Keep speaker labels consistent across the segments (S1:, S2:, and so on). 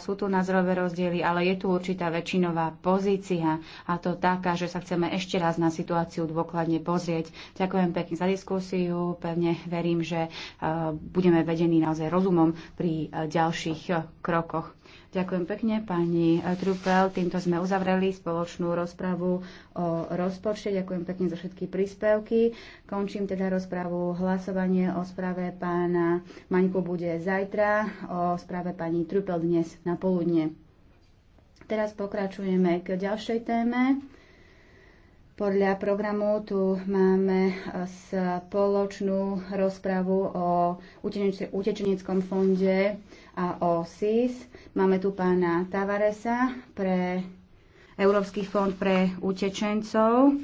S1: sú tu názorové rozdiely, ale je tu určitá väčšinová pozícia a to taká, že sa chceme ešte raz na situáciu dôkladne pozrieť. Ďakujem pekne za diskusiu, pevne verím, že e, budeme vedení naozaj rozumom pri e, ďalších e, krokoch. Ďakujem pekne, pani Trupel. Týmto sme uzavreli spoločnú rozpravu o rozpočte. Ďakujem pekne za všetky príspevky. Končím teda rozpravu. Hlasovanie o správe pána Maňku bude zajtra, o správe pani Trupel dnes na na poludne. Teraz pokračujeme k ďalšej téme. Podľa programu tu máme e, spoločnú rozpravu o utečeneckom fonde a o SIS. Máme tu pána Tavaresa pre Európsky fond pre utečencov.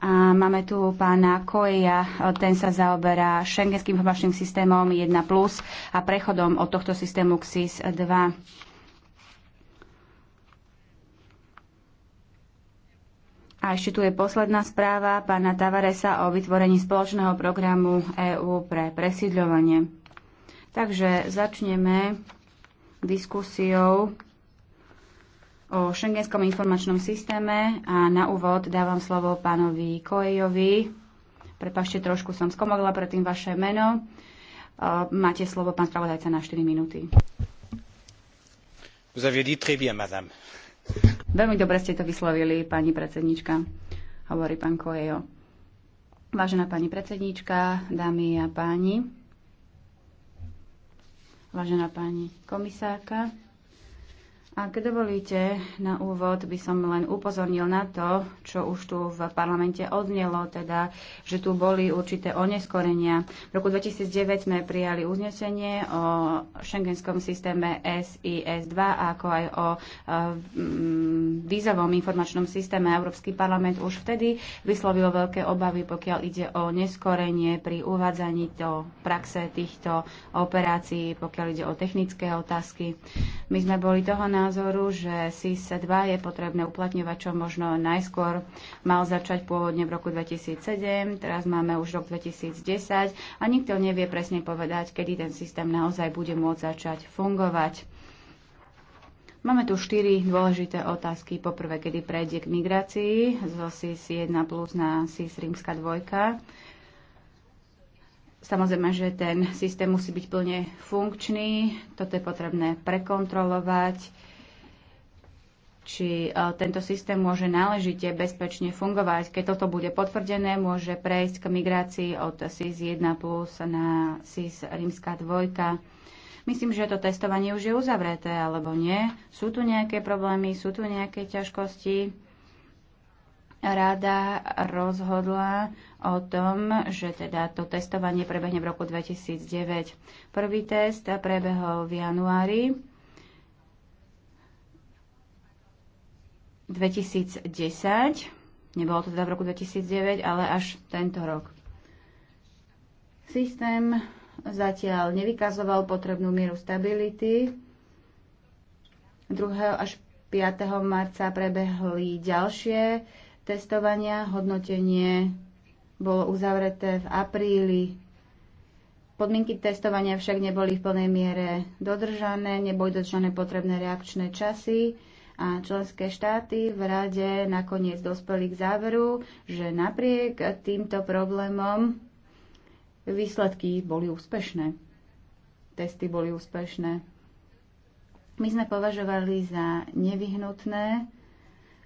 S1: A máme tu pána Koja, ten sa zaoberá šengenským informačným systémom 1+, a prechodom od tohto systému k SIS 2. A ešte tu je posledná správa pána Tavaresa o vytvorení spoločného programu EÚ pre presídľovanie. Takže začneme diskusiou o šengenskom informačnom systéme a na úvod dávam slovo pánovi Koejovi. Prepašte, trošku som skomogla predtým vaše meno. Máte slovo, pán spravodajca, na 4 minúty. Vous avez dit très bien, madame. Veľmi dobre ste to vyslovili, pani predsednička, hovorí pán Koejo. Vážená pani predsednička, dámy a páni, vážená pani komisárka, ak dovolíte, na úvod by som len upozornil na to, čo už tu v parlamente odnelo, teda, že tu boli určité oneskorenia. V roku 2009 sme prijali uznesenie o šengenskom systéme SIS-2, ako aj o e, vízovom informačnom systéme. Európsky parlament už vtedy vyslovil veľké obavy, pokiaľ ide o neskorenie pri uvádzaní do praxe týchto operácií, pokiaľ ide o technické otázky. My sme boli toho na názoru, že SIS-2 e je potrebné uplatňovať čo možno najskôr. Mal začať pôvodne v roku 2007, teraz máme už rok 2010 a nikto nevie presne povedať, kedy ten systém naozaj bude môcť začať fungovať. Máme tu štyri dôležité otázky. Poprvé, kedy prejde k migrácii zo SIS 1 plus na SIS rímska 2. Samozrejme, že ten systém musí byť plne funkčný, toto je potrebné prekontrolovať či e, tento systém môže náležite bezpečne fungovať. Keď toto bude potvrdené, môže prejsť k migrácii od SIS 1 plus na SIS rímska dvojka. Myslím, že to testovanie už je uzavreté, alebo nie. Sú tu nejaké problémy, sú tu nejaké ťažkosti. Rada rozhodla o tom, že teda to testovanie prebehne v roku 2009. Prvý test prebehol v januári 2010, nebolo to teda v roku 2009, ale až tento rok. Systém zatiaľ nevykazoval potrebnú mieru stability. 2. až 5. marca prebehli ďalšie testovania. Hodnotenie bolo uzavreté v apríli. Podmienky testovania však neboli v plnej miere dodržané, neboli dodržané potrebné reakčné časy a členské štáty v rade nakoniec dospeli k záveru, že napriek týmto problémom výsledky boli úspešné. Testy boli úspešné. My sme považovali za nevyhnutné,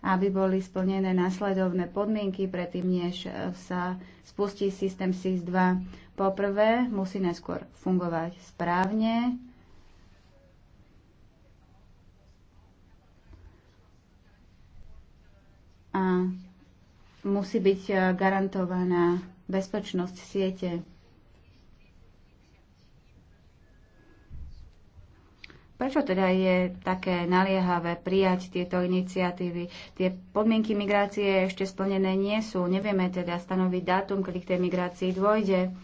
S1: aby boli splnené následovné podmienky predtým, než sa spustí systém SIS-2. Poprvé, musí neskôr fungovať správne, a musí byť e, garantovaná bezpečnosť siete. Prečo teda je také naliehavé prijať tieto iniciatívy? Tie podmienky migrácie ešte splnené nie sú. Nevieme teda stanoviť dátum, kedy k tej migrácii dôjde.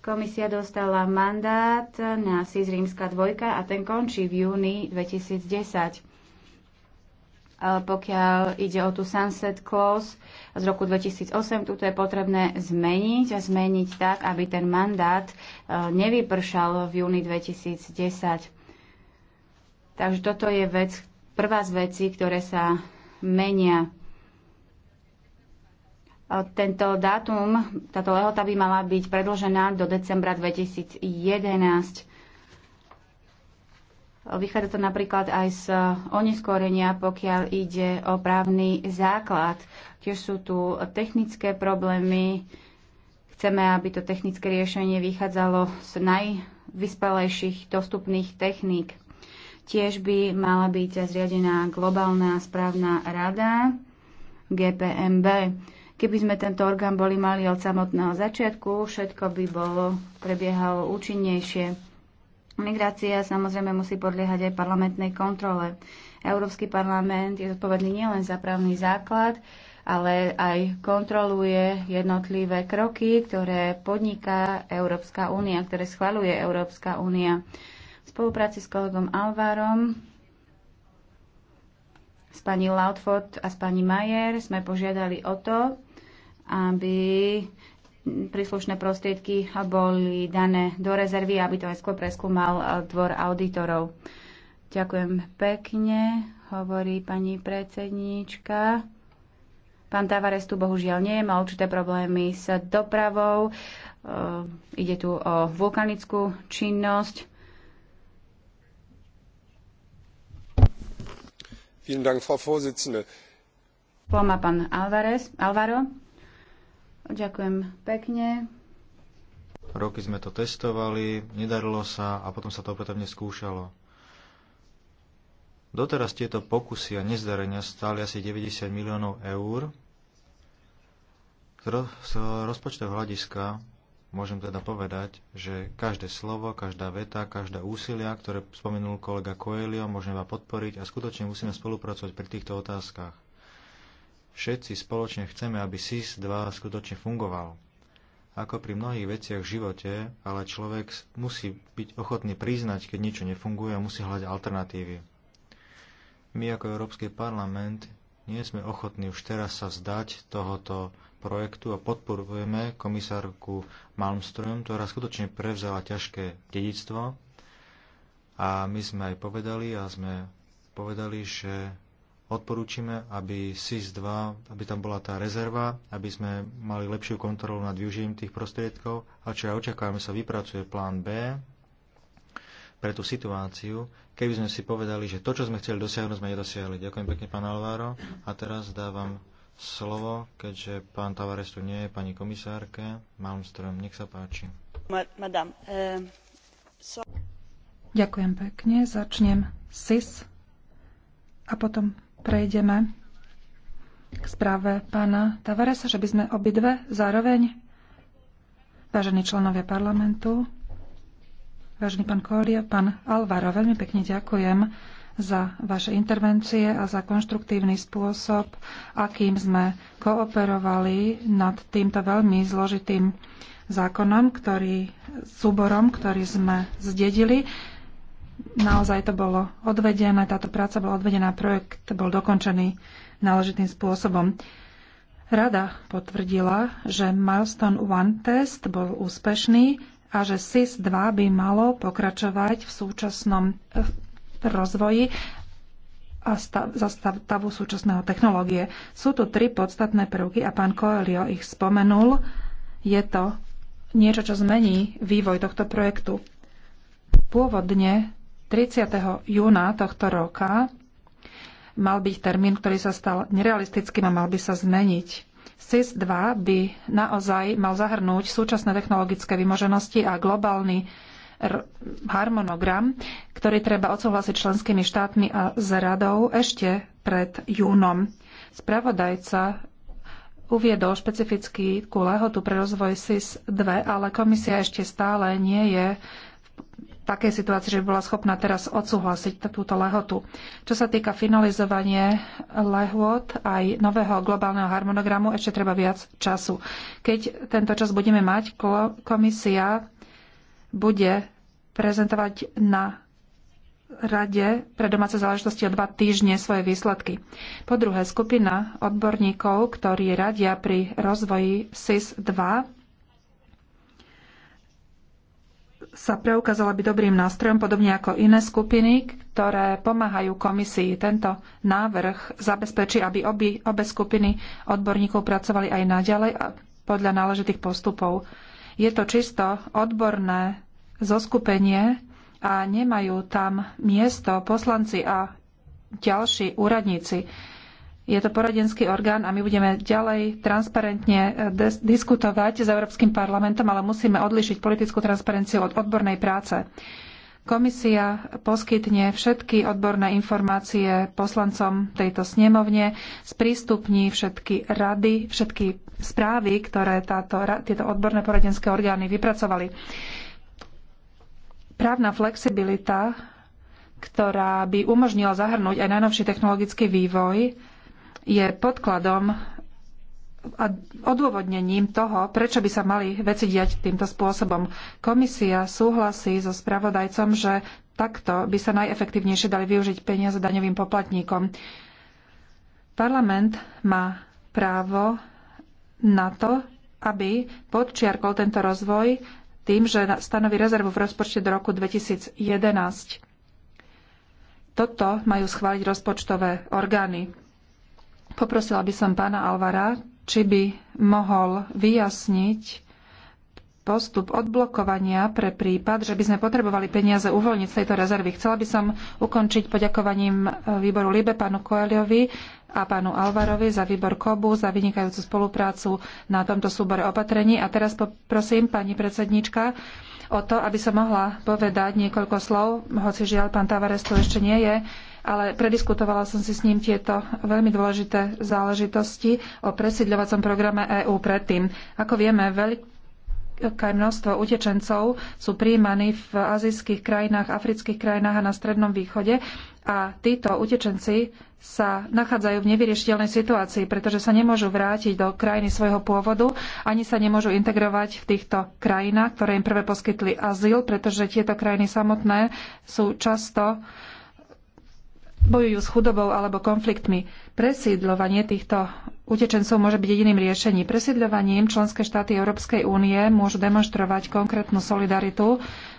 S1: Komisia dostala mandát na SIS Rímska dvojka a ten končí v júni 2010 pokiaľ ide o tú sunset clause z roku 2008, tuto je potrebné zmeniť a zmeniť tak, aby ten mandát e, nevypršal v júni 2010. Takže toto je vec, prvá z vecí, ktoré sa menia. E, tento dátum, táto lehota by mala byť predlžená do decembra 2011. Vychádza to napríklad aj z eh, oneskorenia, pokiaľ ide o právny základ. Tiež sú tu technické problémy. Chceme, aby to technické riešenie vychádzalo z najvyspelejších dostupných techník. Tiež by mala byť zriadená globálna správna rada GPMB. Keby sme tento orgán boli mali od samotného začiatku, všetko by bolo prebiehalo účinnejšie. Migrácia samozrejme musí podliehať aj parlamentnej kontrole. Európsky parlament je zodpovedný nielen za právny základ, ale aj kontroluje jednotlivé kroky, ktoré podniká Európska únia, ktoré schvaluje Európska únia. V spolupráci s kolegom Alvarom, s pani Lautfot a s pani Majer sme požiadali o to, aby príslušné prostriedky boli dané do rezervy, aby to aj skôr preskúmal e, dvor auditorov. Ďakujem pekne, hovorí pani predsedníčka. Pán Tavares tu bohužiaľ nie, má určité problémy s dopravou. E, ide tu o vulkanickú činnosť.
S2: Vielen Dank, Frau Vorsitzende.
S1: Poma pán Alvarez, Alvaro. Ďakujem pekne.
S3: Roky sme to testovali, nedarilo sa a potom sa to opätovne skúšalo. Doteraz tieto pokusy a nezdarenia stáli asi 90 miliónov eur. Z rozpočtového hľadiska môžem teda povedať, že každé slovo, každá veta, každá úsilia, ktoré spomenul kolega Coelho, môžeme vám podporiť a skutočne musíme spolupracovať pri týchto otázkach všetci spoločne chceme, aby SIS-2 skutočne fungoval. Ako pri mnohých veciach v živote, ale človek musí byť ochotný priznať, keď niečo nefunguje a musí hľadať alternatívy. My ako Európsky parlament nie sme ochotní už teraz sa vzdať tohoto projektu a podporujeme komisárku Malmström, ktorá skutočne prevzala ťažké dedictvo a my sme aj povedali a sme povedali, že odporúčime, aby SIS-2, aby tam bola tá rezerva, aby sme mali lepšiu kontrolu nad využitím tých prostriedkov a čo ja očakávame, sa vypracuje plán B pre tú situáciu, keby sme si povedali, že to, čo sme chceli dosiahnuť, sme nedosiahli. Ďakujem pekne, pán Alváro. A teraz dávam slovo, keďže pán Tavares tu nie je, pani komisárke Malmström. Nech sa páči.
S1: Madam, uh, so...
S4: Ďakujem pekne. Začnem SIS a potom prejdeme k správe pána Tavaresa, že by sme obidve zároveň, vážení členovia parlamentu, vážený pán Kolia, pán Alvaro, veľmi pekne ďakujem za vaše intervencie a za konštruktívny spôsob, akým sme kooperovali nad týmto veľmi zložitým zákonom, ktorý, súborom, ktorý sme zdedili. Naozaj to bolo odvedené, táto práca bola odvedená, projekt bol dokončený náležitým spôsobom. Rada potvrdila, že Milestone 1 test bol úspešný a že SIS-2 by malo pokračovať v súčasnom eh, rozvoji a stav, za stav, stavu súčasného technológie. Sú tu tri podstatné prvky a pán Coelho ich spomenul. Je to niečo, čo zmení vývoj tohto projektu. Pôvodne 30. júna tohto roka mal byť termín, ktorý sa stal nerealistickým a mal by sa zmeniť. SIS-2 by naozaj mal zahrnúť súčasné technologické vymoženosti a globálny harmonogram, ktorý treba odsúhlasiť členskými štátmi a z radou ešte pred júnom. Spravodajca uviedol špecifický lehotu pre rozvoj SIS-2, ale komisia ešte stále nie je takej situácii, že by bola schopná teraz odsúhlasiť túto lehotu. Čo sa týka finalizovanie lehot aj nového globálneho harmonogramu, ešte treba viac času. Keď tento čas budeme mať, komisia bude prezentovať na Rade pre domáce záležitosti o dva týždne svoje výsledky. Po druhé, skupina odborníkov, ktorí radia pri rozvoji SIS-2, sa preukázala byť dobrým nástrojom, podobne ako iné skupiny, ktoré pomáhajú komisii. Tento návrh zabezpečí, aby obi, obe skupiny odborníkov pracovali aj naďalej a podľa náležitých postupov. Je to čisto odborné zoskupenie a nemajú tam miesto poslanci a ďalší úradníci. Je to poradenský orgán a my budeme ďalej transparentne eh, diskutovať s Európskym parlamentom, ale musíme odlišiť politickú transparenciu od odbornej práce. Komisia poskytne všetky odborné informácie poslancom tejto snemovne, sprístupní všetky rady, všetky správy, ktoré táto, tieto odborné poradenské orgány vypracovali. Právna flexibilita, ktorá by umožnila zahrnúť aj najnovší technologický vývoj, je podkladom a odôvodnením toho, prečo by sa mali veci diať týmto spôsobom. Komisia súhlasí so spravodajcom, že takto by sa najefektívnejšie dali využiť peniaze daňovým poplatníkom. Parlament má právo na to, aby podčiarkol tento rozvoj tým, že stanoví rezervu v rozpočte do roku 2011. Toto majú schváliť rozpočtové orgány. Poprosila by som pána Alvara, či by mohol vyjasniť postup odblokovania pre prípad, že by sme potrebovali peniaze uvoľniť z tejto rezervy. Chcela by som ukončiť poďakovaním e, výboru Libe pánu Koeliovi a pánu Alvarovi za výbor KOBU, za vynikajúcu spoluprácu na tomto súbore opatrení. A teraz poprosím pani predsednička o to, aby som mohla povedať niekoľko slov, hoci žiaľ pán Tavares tu ešte nie je, ale prediskutovala som si s ním tieto veľmi dôležité záležitosti o presídľovacom programe EÚ predtým. Ako vieme, aké množstvo utečencov sú príjmaní v azijských krajinách, afrických krajinách a na Strednom východe a títo utečenci sa nachádzajú v nevyriešiteľnej situácii, pretože sa nemôžu vrátiť do krajiny svojho pôvodu, ani sa nemôžu integrovať v týchto krajinách, ktoré im prvé poskytli azyl, pretože tieto krajiny samotné sú často uh, bojujú s chudobou alebo konfliktmi. Presídľovanie týchto utečencov môže byť jediným riešením. Presídľovaním členské štáty Európskej únie môžu demonstrovať konkrétnu solidaritu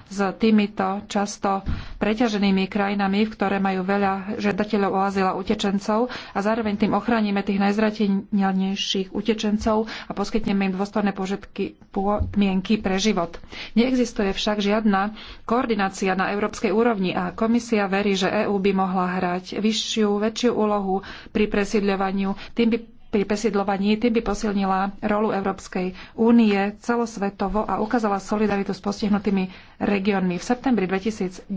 S4: s týmito často preťaženými krajinami, v ktoré majú veľa žiadateľov o azyl a utečencov a zároveň tým ochránime tých najzrateľnejších utečencov a poskytneme im dôstojné požitky podmienky pre život. Neexistuje však žiadna koordinácia na európskej úrovni a komisia verí, že EÚ by mohla hrať vyššiu, väčšiu úlohu pri presídľovaniu, tým by pri presiedlovaní, tým by posilnila rolu Európskej únie celosvetovo a ukázala solidaritu s postihnutými regiónmi. V septembri 2009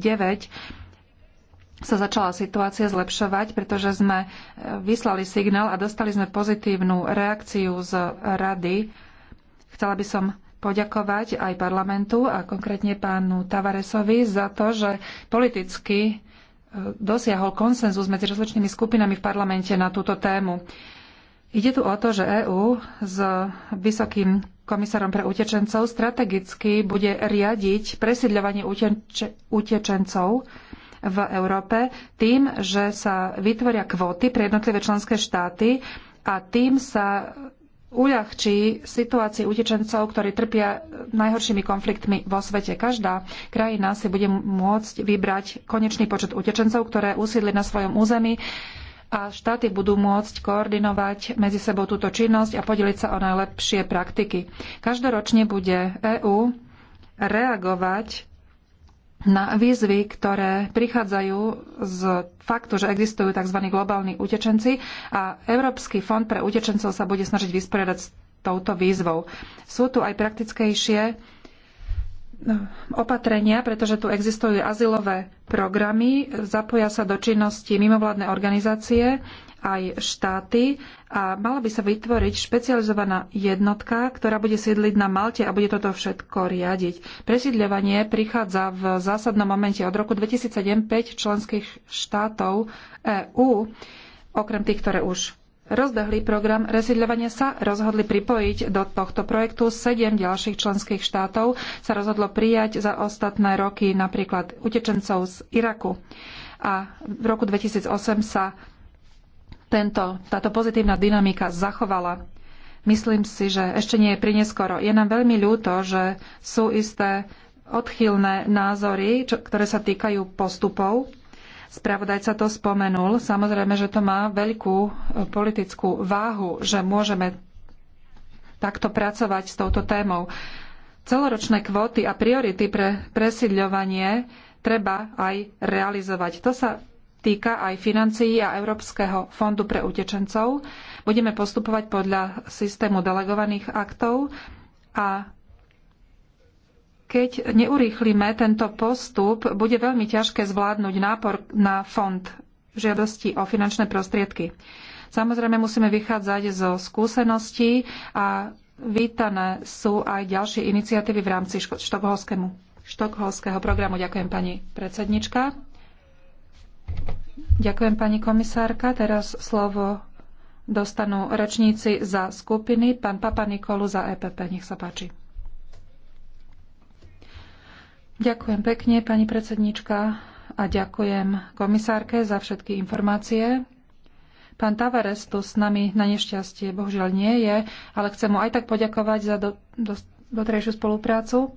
S4: sa začala situácia zlepšovať, pretože sme e, vyslali signál a dostali sme pozitívnu reakciu z rady. Chcela by som poďakovať aj parlamentu a konkrétne pánu Tavaresovi za to, že politicky e, dosiahol konsenzus medzi rozličnými skupinami v parlamente na túto tému. Ide tu o to, že EÚ s vysokým komisárom pre utečencov strategicky bude riadiť presídľovanie utečencov v Európe tým, že sa vytvoria kvóty pre jednotlivé členské štáty a tým sa uľahčí situácii utečencov, ktorí trpia najhoršími konfliktmi vo svete. Každá krajina si bude môcť vybrať konečný počet utečencov, ktoré usídli na svojom území a štáty budú môcť koordinovať medzi sebou túto činnosť a podeliť sa o najlepšie praktiky. Každoročne bude EÚ reagovať na výzvy, ktoré prichádzajú z faktu, že existujú tzv. globálni utečenci a Európsky fond pre utečencov sa bude snažiť vysporiadať s touto výzvou. Sú tu aj praktickejšie opatrenia, pretože tu existujú azylové programy, zapoja sa do činnosti mimovládne organizácie, aj štáty a mala by sa vytvoriť špecializovaná jednotka, ktorá bude sídliť na Malte a bude toto všetko riadiť. Presídľovanie prichádza v zásadnom momente od roku 2007 5 členských štátov EÚ, okrem tých, ktoré už rozbehli program resídľovania, sa rozhodli pripojiť do tohto projektu. Sedem ďalších členských štátov sa rozhodlo prijať za ostatné roky napríklad utečencov z Iraku. A v roku 2008 sa tento, táto pozitívna dynamika zachovala. Myslím si, že ešte nie je prineskoro. Je nám veľmi ľúto, že sú isté odchylné názory, čo, ktoré sa týkajú postupov Spravodajca to spomenul. Samozrejme, že to má veľkú e, politickú váhu, že môžeme takto pracovať s touto témou. Celoročné kvóty a priority pre presídľovanie treba aj realizovať. To sa týka aj financií a Európskeho fondu pre utečencov. Budeme postupovať podľa systému delegovaných aktov a keď neurýchlime tento postup, bude veľmi ťažké zvládnuť nápor na fond žiadosti o finančné prostriedky. Samozrejme musíme vychádzať zo skúseností a vítané sú aj ďalšie iniciatívy v rámci štokholského programu. Ďakujem pani predsednička. Ďakujem pani komisárka. Teraz slovo dostanú rečníci za skupiny. Pán Papa Nikolu za EPP. Nech sa páči. Ďakujem pekne, pani predsednička, a ďakujem komisárke za všetky informácie. Pán Tavares tu s nami na nešťastie bohužiaľ nie je, ale chcem mu aj tak poďakovať za do, do, spoluprácu.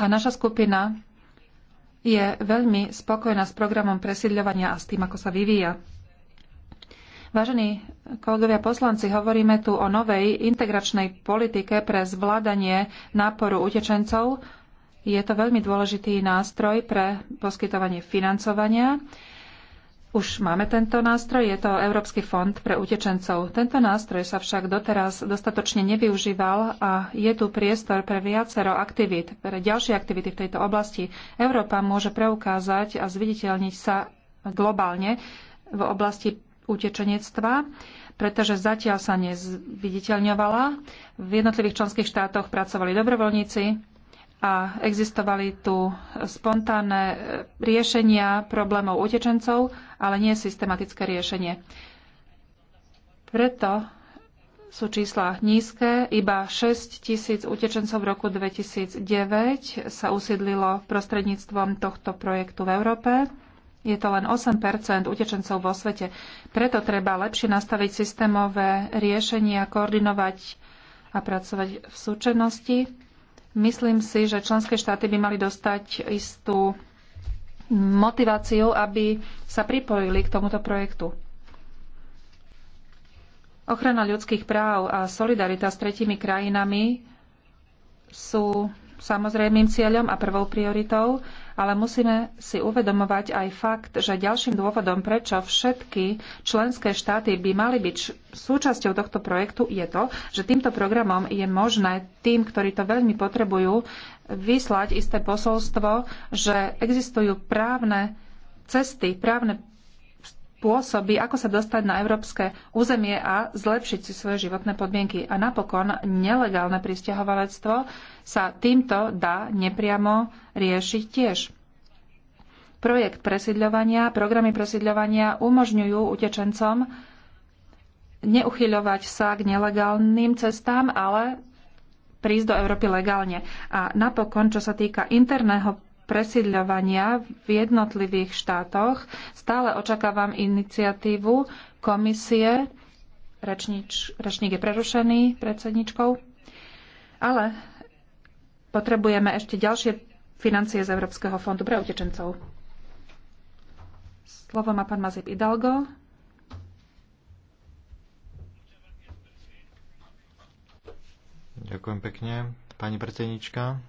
S4: A naša skupina je veľmi spokojná s programom presídľovania a s tým, ako sa vyvíja. Vážení kolegovia poslanci, hovoríme tu o novej integračnej politike pre zvládanie náporu utečencov. Je to veľmi dôležitý nástroj pre poskytovanie financovania. Už máme tento nástroj, je to Európsky fond pre utečencov. Tento nástroj sa však doteraz dostatočne nevyužíval a je tu priestor pre viacero aktivít, pre ďalšie aktivity v tejto oblasti. Európa môže preukázať a zviditeľniť sa globálne v oblasti utečenectva, pretože zatiaľ sa nezviditeľňovala. V jednotlivých členských štátoch pracovali dobrovoľníci a existovali tu spontánne e, riešenia problémov utečencov, ale nie systematické riešenie. Preto sú čísla nízke. Iba 6 tisíc utečencov v roku 2009 sa usídlilo prostredníctvom tohto projektu v Európe je to len 8 utečencov vo svete. Preto treba lepšie nastaviť systémové riešenia, koordinovať a pracovať v súčennosti. Myslím si, že členské štáty by mali dostať istú motiváciu, aby sa pripojili k tomuto projektu. Ochrana ľudských práv a solidarita s tretimi krajinami sú samozrejmým cieľom a prvou prioritou, ale musíme si uvedomovať aj fakt, že ďalším dôvodom, prečo všetky členské štáty by mali byť súčasťou tohto projektu, je to, že týmto programom je možné tým, ktorí to veľmi potrebujú, vyslať isté posolstvo, že existujú právne cesty, právne spôsoby, ako sa dostať na európske územie a zlepšiť si svoje životné podmienky. A napokon nelegálne pristahovalectvo sa týmto dá nepriamo riešiť tiež. Projekt presidľovania, programy presidľovania umožňujú utečencom neuchyľovať sa k nelegálnym cestám, ale prísť do Európy legálne. A napokon, čo sa týka interného presídľovania v jednotlivých štátoch. Stále očakávam iniciatívu komisie. Rečnič, rečník je prerušený predsedničkou. Ale potrebujeme ešte ďalšie financie z Európskeho fondu pre utečencov. Slovo má pán Mazip Hidalgo.
S3: Ďakujem pekne. Pani predsednička,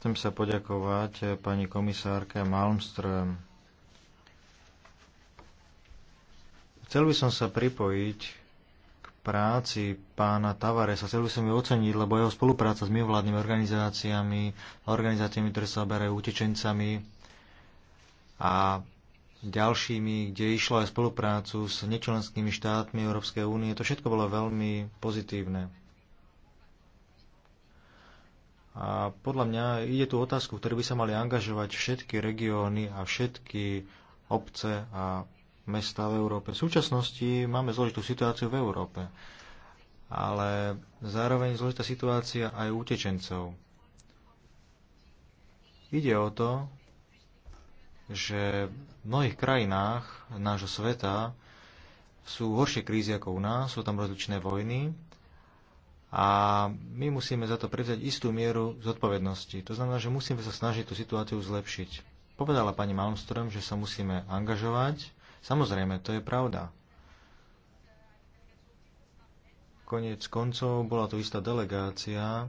S3: Chcem sa poďakovať eh, pani komisárke Malmström. Chcel by som sa pripojiť k práci pána Tavaresa. Chcel by som ju oceniť, lebo jeho spolupráca s mimovládnymi organizáciami, organizáciami, ktoré sa oberajú utečencami a ďalšími, kde išlo aj spoluprácu s nečlenskými štátmi Európskej únie. To všetko bolo veľmi pozitívne. A podľa mňa ide tu otázku, ktorú by sa mali angažovať všetky regióny a všetky obce a mesta v Európe. V súčasnosti máme zložitú situáciu v Európe, ale zároveň zložitá situácia aj utečencov. Ide o to, že v mnohých krajinách nášho sveta sú horšie krízy ako u nás, sú tam rozličné vojny a my musíme za to prevziať istú mieru zodpovednosti. To znamená, že musíme sa snažiť tú situáciu zlepšiť. Povedala pani Malmström, že sa musíme angažovať. Samozrejme, to je pravda. Koniec koncov bola tu istá delegácia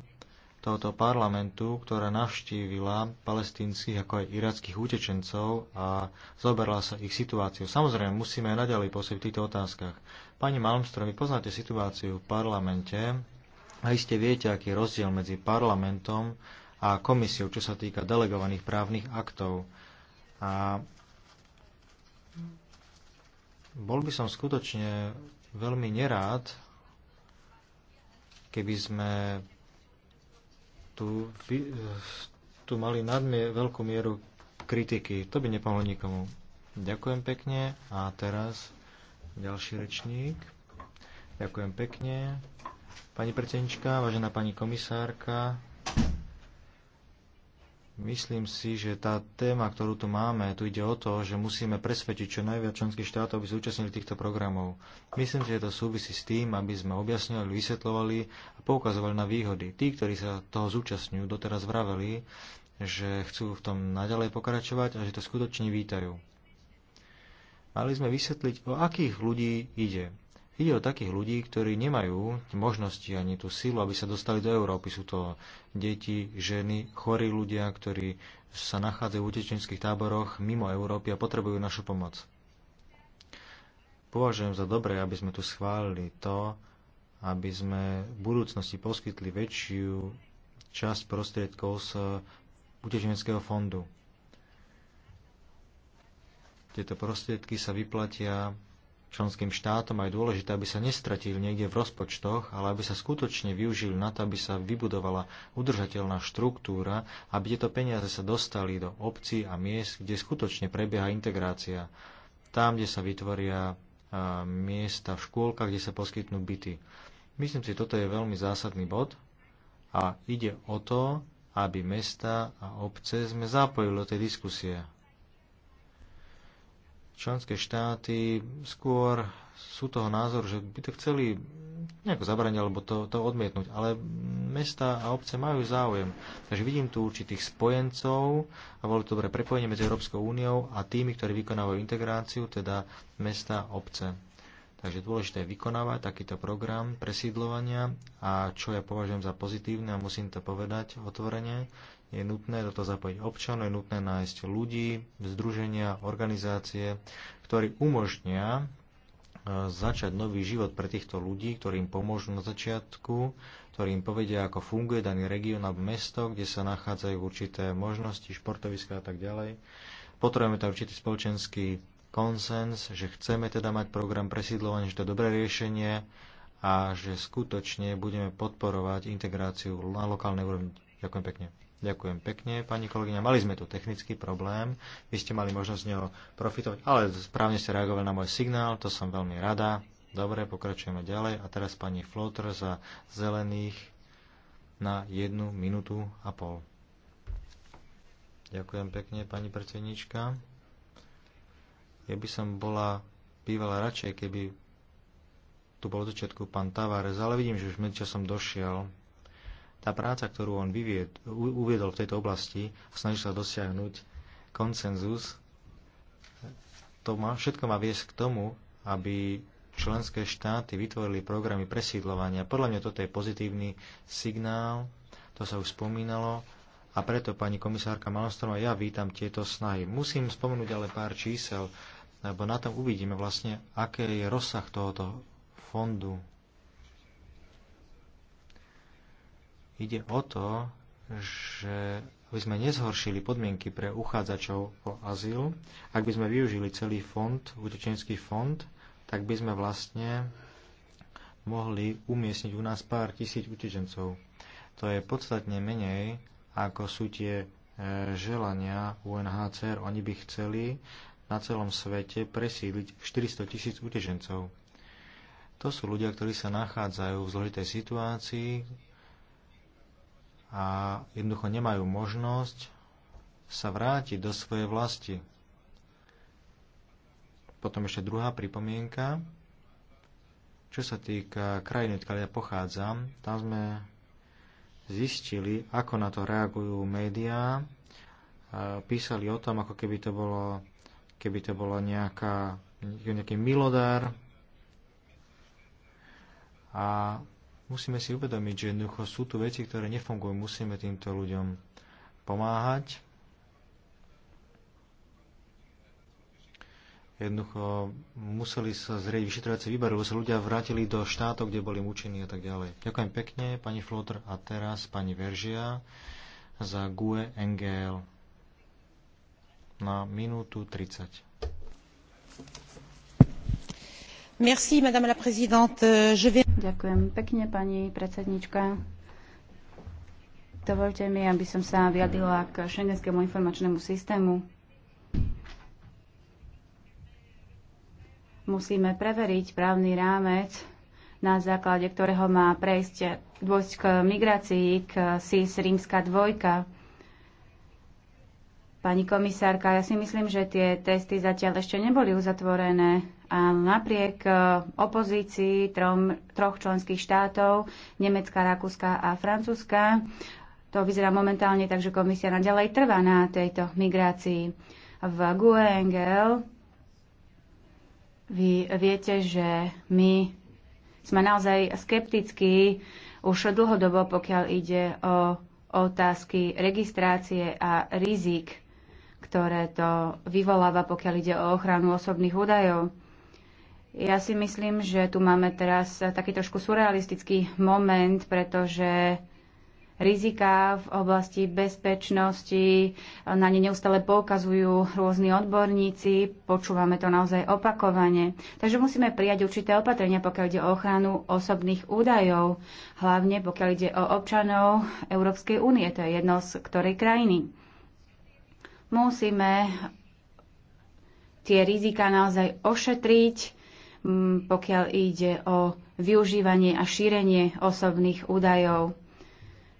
S3: tohoto parlamentu, ktorá navštívila palestínskych ako aj irackých utečencov a zoberla sa ich situáciu. Samozrejme, musíme aj naďalej posieť v týchto otázkach. Pani Malmström, vy poznáte situáciu v parlamente, a iste viete, aký je rozdiel medzi parlamentom a komisiou, čo sa týka delegovaných právnych aktov. A bol by som skutočne veľmi nerád, keby sme tu, tu mali nadmier, veľkú mieru kritiky. To by nepomohlo nikomu. Ďakujem pekne. A teraz ďalší rečník. Ďakujem pekne. Pani predsednička, vážená pani komisárka, myslím si, že tá téma, ktorú tu máme, tu ide o to, že musíme presvedčiť čo najviac členských štátov, aby zúčastnili týchto programov. Myslím, že to súvisí s tým, aby sme objasňovali, vysvetľovali a poukazovali na výhody. Tí, ktorí sa toho zúčastňujú, doteraz vraveli, že chcú v tom naďalej pokračovať a že to skutočne vítajú. Mali sme vysvetliť, o akých ľudí ide. Ide o takých ľudí, ktorí nemajú možnosti ani tú silu, aby sa dostali do Európy. Sú to deti, ženy, chorí ľudia, ktorí sa nachádzajú v utečenských táboroch mimo Európy a potrebujú našu pomoc. Považujem za dobré, aby sme tu schválili to, aby sme v budúcnosti poskytli väčšiu časť prostriedkov z utečeneckého fondu. Tieto prostriedky sa vyplatia členským štátom a je dôležité, aby sa nestratil niekde v rozpočtoch, ale aby sa skutočne využili na to, aby sa vybudovala udržateľná štruktúra, aby tieto peniaze sa dostali do obcí a miest, kde skutočne prebieha integrácia. Tam, kde sa vytvoria miesta v škôlkach, kde sa poskytnú byty. Myslím si, toto je veľmi zásadný bod a ide o to, aby mesta a obce sme zapojili do tej diskusie členské štáty skôr sú toho názor, že by to chceli nejako zabraniť alebo to, to odmietnúť. Ale mesta a obce majú záujem. Takže vidím tu určitých spojencov a bolo to dobré prepojenie medzi Európskou úniou a tými, ktorí vykonávajú integráciu, teda mesta a obce. Takže dôležité je vykonávať takýto program presídlovania a čo ja považujem za pozitívne a musím to povedať otvorene, je nutné do toho zapojiť občanov, je nutné nájsť ľudí, združenia, organizácie, ktorí umožnia e, začať nový život pre týchto ľudí, ktorí im pomôžu na začiatku, ktorí im povedia, ako funguje daný región alebo mesto, kde sa nachádzajú určité možnosti, športoviska a tak ďalej. Potrebujeme tam určitý spoločenský konsens, že chceme teda mať program presídlovania, že to je dobré riešenie a že skutočne budeme podporovať integráciu na lokálnej úrovni. Ďakujem pekne. Ďakujem pekne, pani kolegyňa. Mali sme tu technický problém, vy ste mali možnosť z neho profitovať, ale správne ste reagovali na môj signál, to som veľmi rada. Dobre, pokračujeme ďalej. A teraz pani Flotr za zelených na jednu minútu a pol. Ďakujem pekne, pani predsednička. Ja by som bola bývala radšej, keby tu bol od začiatku pán Tavares, ale vidím, že už medzičasom došiel tá práca, ktorú on vyvied, uviedol v tejto oblasti a snažil sa dosiahnuť konsenzus, to má, všetko má viesť k tomu, aby členské štáty vytvorili programy presídlovania. Podľa mňa toto je pozitívny signál, to sa už spomínalo, a preto pani komisárka Malostrova, ja vítam tieto snahy. Musím spomenúť ale pár čísel, lebo na tom uvidíme vlastne, aké je rozsah tohoto fondu. Ide o to, že aby sme nezhoršili podmienky pre uchádzačov o azyl, ak by sme využili celý fond, utečenský fond, tak by sme vlastne mohli umiestniť u nás pár tisíc utečencov. To je podstatne menej, ako sú tie e, želania UNHCR. Oni by chceli na celom svete presídliť 400 tisíc utečencov. To sú ľudia, ktorí sa nachádzajú v zložitej situácii, a jednoducho nemajú možnosť sa vrátiť do svojej vlasti. Potom ešte druhá pripomienka. Čo sa týka krajiny, odkiaľ ja pochádzam, tam sme zistili, ako na to reagujú médiá. Písali o tom, ako keby to bolo, keby to bolo nejaká, nejaký milodár. A Musíme si uvedomiť, že jednoducho sú tu veci, ktoré nefungujú. Musíme týmto ľuďom pomáhať. Jednoducho museli sa zrieť vyšetrovacie výbory, lebo sa ľudia vrátili do štátov, kde boli mučení a tak ďalej. Ďakujem pekne, pani Flotr a teraz pani Veržia za GUE NGL na minútu 30.
S1: Euh, Ďakujem pekne, pani predsednička. Dovolte mi, aby som sa vyjadrila k schengenskému informačnému systému. Musíme preveriť právny rámec, na základe ktorého má prejsť dôjsť k migrácii, k SIS rímska dvojka. Pani komisárka, ja si myslím, že tie testy zatiaľ ešte neboli uzatvorené a napriek e, opozícii trom, troch členských štátov, Nemecka, Rakúska a Francúzska, to vyzerá momentálne tak, že komisia naďalej trvá na tejto migrácii. V GUENGEL vy viete, že my sme naozaj skeptickí už dlhodobo, pokiaľ ide o otázky registrácie a rizik, ktoré to vyvoláva, pokiaľ ide o ochranu osobných údajov. Ja si myslím, že tu máme teraz taký trošku surrealistický moment, pretože rizika v oblasti bezpečnosti, na ne neustále poukazujú rôzni odborníci, počúvame to naozaj opakovane. Takže musíme prijať určité opatrenia, pokiaľ ide o ochranu osobných údajov, hlavne pokiaľ ide o občanov Európskej únie, to je jedno z ktorej krajiny. Musíme tie rizika naozaj ošetriť, pokiaľ ide o využívanie a šírenie osobných údajov.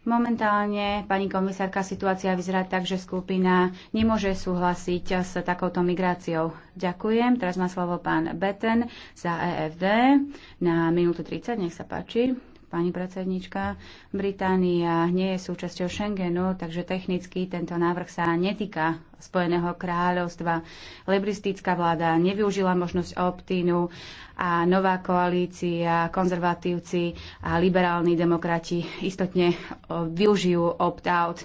S1: Momentálne, pani komisárka, situácia vyzerá tak, že skupina nemôže súhlasiť s takouto migráciou. Ďakujem. Teraz má slovo pán Beten za EFD na minútu 30. Nech sa páči pani predsednička. Británia nie je súčasťou Schengenu, takže technicky tento návrh sa netýka Spojeného kráľovstva. Lebristická vláda nevyužila možnosť optínu a nová koalícia, konzervatívci a liberálni demokrati istotne využijú opt-out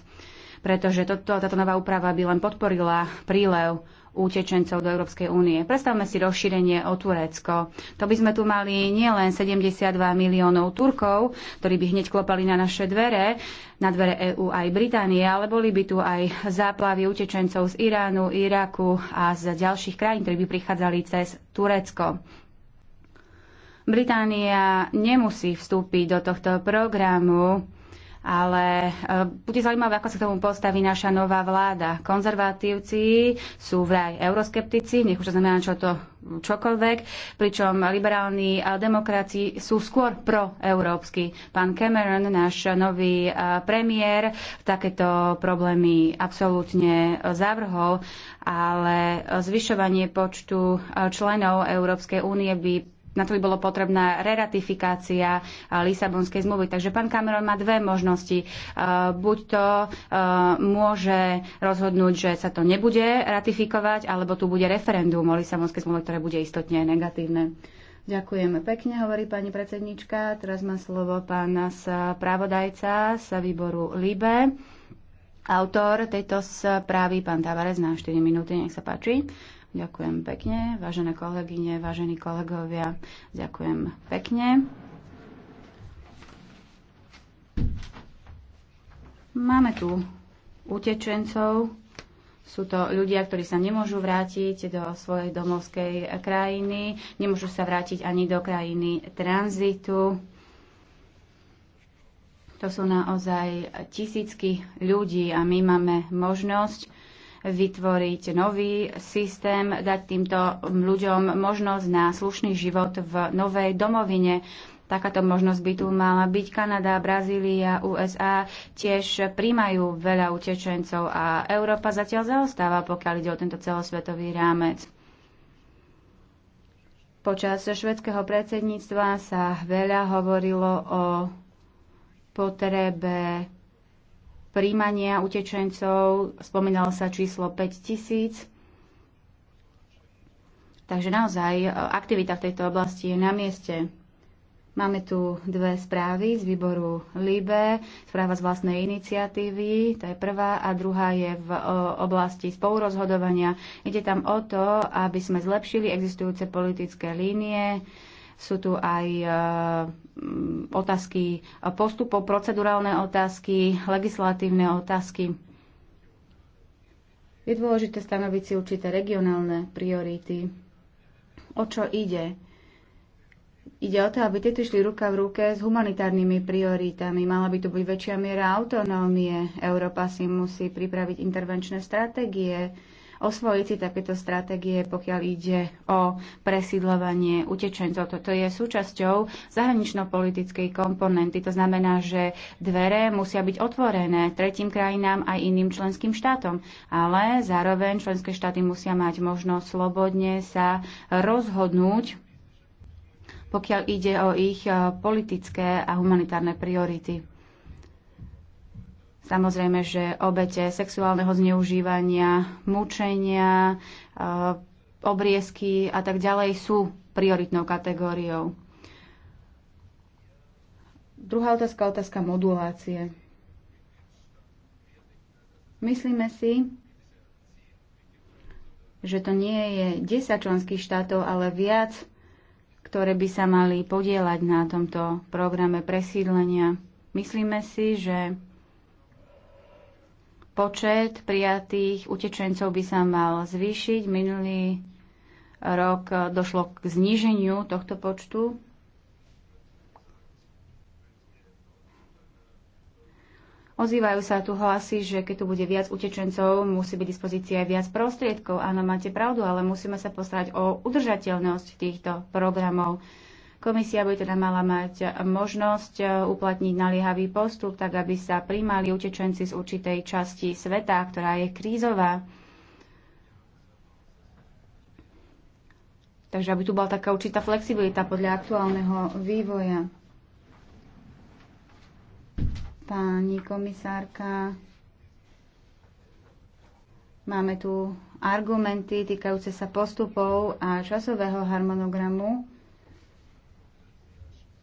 S1: pretože toto, táto nová úprava by len podporila prílev utečencov do Európskej únie. Predstavme si rozšírenie o Turecko. To by sme tu mali nielen 72 miliónov Turkov, ktorí by hneď klopali na naše dvere, na dvere EÚ aj Británie, ale boli by tu aj záplavy utečencov z Iránu, Iraku a z ďalších krajín, ktorí by prichádzali cez Turecko. Británia nemusí vstúpiť do tohto programu, ale e, bude zaujímavé, ako sa k tomu postaví naša nová vláda. Konzervatívci sú vraj euroskeptici, nech už to znamená čo to čokoľvek, pričom liberálni e, demokrati sú skôr proeurópsky. Pán Cameron, náš nový e, premiér, takéto problémy absolútne zavrhol, ale zvyšovanie počtu členov Európskej únie by na to by bolo potrebná reratifikácia eh, Lisabonskej zmluvy. Takže pán Cameron má dve možnosti. Eh, buď to eh, môže rozhodnúť, že sa to nebude ratifikovať, alebo tu bude referendum o Lisabonskej zmluve, ktoré bude istotne negatívne. Ďakujem pekne, hovorí pani predsednička. Teraz má slovo pán správodajca z výboru LIBE. Autor tejto správy, pán Tavares, na 4 minúty, nech sa páči. Ďakujem pekne, vážené kolegyne, vážení kolegovia. Ďakujem pekne. Máme tu utečencov. Sú to ľudia, ktorí sa nemôžu vrátiť do svojej domovskej krajiny, nemôžu sa vrátiť ani do krajiny tranzitu. To sú naozaj tisícky ľudí a my máme možnosť vytvoriť nový systém, dať týmto ľuďom možnosť na slušný život v novej domovine. Takáto možnosť by tu mala byť. Kanada, Brazília, USA tiež príjmajú veľa utečencov a Európa zatiaľ zaostáva, pokiaľ ide o tento celosvetový rámec. Počas švedského predsedníctva sa veľa hovorilo o potrebe príjmania utečencov, spomínalo sa číslo 5 tisíc. Takže naozaj e, aktivita v tejto oblasti je na mieste. Máme tu dve správy z výboru LIBE. Správa z vlastnej iniciatívy, to je prvá, a druhá je v e, oblasti spolurozhodovania. Ide tam o to, aby sme zlepšili existujúce politické línie, sú tu aj e, otázky postupov, procedurálne otázky, legislatívne otázky. Je dôležité stanoviť si určité regionálne priority. O čo ide? Ide o to, aby tieto išli ruka v ruke s humanitárnymi prioritami. Mala by tu byť väčšia miera autonómie. Európa si musí pripraviť intervenčné stratégie, osvojiť si takéto stratégie, pokiaľ ide o presídľovanie utečencov. Toto je súčasťou zahranično-politickej komponenty. To znamená, že dvere musia byť otvorené tretím krajinám aj iným členským štátom. Ale zároveň členské štáty musia mať možnosť slobodne sa rozhodnúť pokiaľ ide o ich eh, politické a humanitárne priority. Samozrejme, že obete sexuálneho zneužívania, mučenia, eh, obriezky a tak ďalej sú prioritnou kategóriou. Druhá otázka, otázka modulácie. Myslíme si, že to nie je 10 členských štátov, ale viac, ktoré by sa mali podielať na tomto programe presídlenia. Myslíme si, že Počet prijatých utečencov by sa mal zvýšiť. Minulý rok došlo k zníženiu tohto počtu. Ozývajú sa tu hlasy, že keď tu bude viac utečencov, musí byť dispozícia aj viac prostriedkov. Áno, máte pravdu, ale musíme sa postarať o udržateľnosť týchto programov. Komisia by teda mala mať možnosť e, uplatniť naliehavý postup, tak aby sa príjmali utečenci z určitej časti sveta, ktorá je krízová. Takže aby tu bola taká určitá flexibilita podľa aktuálneho vývoja. Pani komisárka, máme tu argumenty týkajúce sa postupov a časového harmonogramu.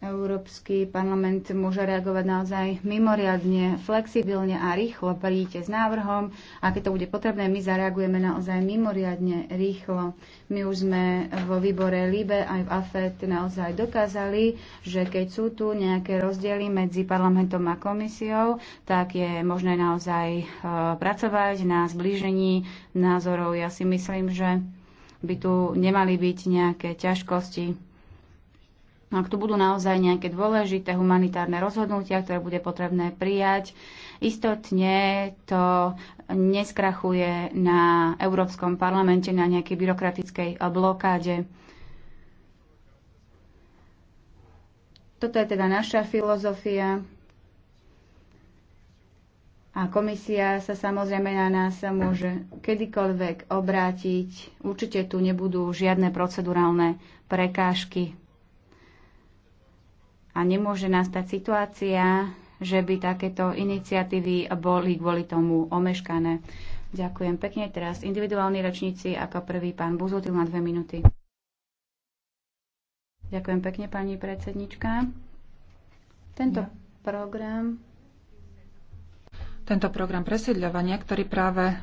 S1: Európsky parlament môže reagovať naozaj mimoriadne, flexibilne a rýchlo. Príďte s návrhom a keď to bude potrebné, my zareagujeme naozaj mimoriadne rýchlo. My už sme vo výbore LIBE aj v AFET naozaj dokázali, že keď sú tu nejaké rozdiely medzi parlamentom a komisiou, tak je možné naozaj e, pracovať na zblížení názorov. Ja si myslím, že by tu nemali byť nejaké ťažkosti No ak tu budú naozaj nejaké dôležité humanitárne rozhodnutia, ktoré bude potrebné prijať, istotne to neskrachuje na Európskom parlamente, na nejakej byrokratickej blokáde. Toto je teda naša filozofia. A komisia sa samozrejme na nás sa môže kedykoľvek obrátiť. Určite tu nebudú žiadne procedurálne prekážky. A nemôže nastať situácia, že by takéto iniciatívy boli kvôli tomu omeškané. Ďakujem pekne. Teraz individuálni rečníci, ako prvý pán Buzutil na dve minúty.
S4: Ďakujem pekne, pani predsednička. Tento ja.
S1: program...
S4: Tento program presiedľovania, ktorý práve e,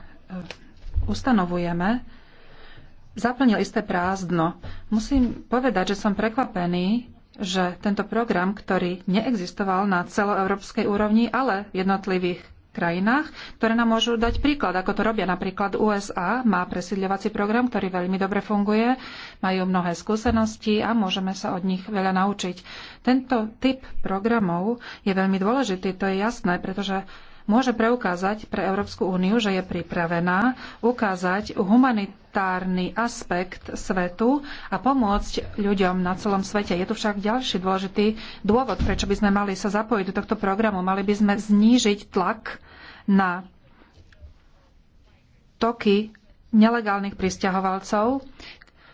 S4: ustanovujeme, zaplnil isté prázdno. Musím povedať, že som prekvapený, že tento program, ktorý neexistoval na celoeurópskej úrovni, ale v jednotlivých krajinách, ktoré nám môžu dať príklad, ako to robia. Napríklad USA má presídľovací program, ktorý veľmi dobre funguje, majú mnohé skúsenosti a môžeme sa od nich veľa naučiť. Tento typ programov je veľmi dôležitý, to je jasné, pretože môže preukázať pre Európsku úniu, že je pripravená ukázať humanitárny aspekt svetu a pomôcť ľuďom na celom svete. Je tu však ďalší dôležitý dôvod, prečo by sme mali sa zapojiť do tohto programu. Mali by sme znížiť tlak na toky nelegálnych pristahovalcov.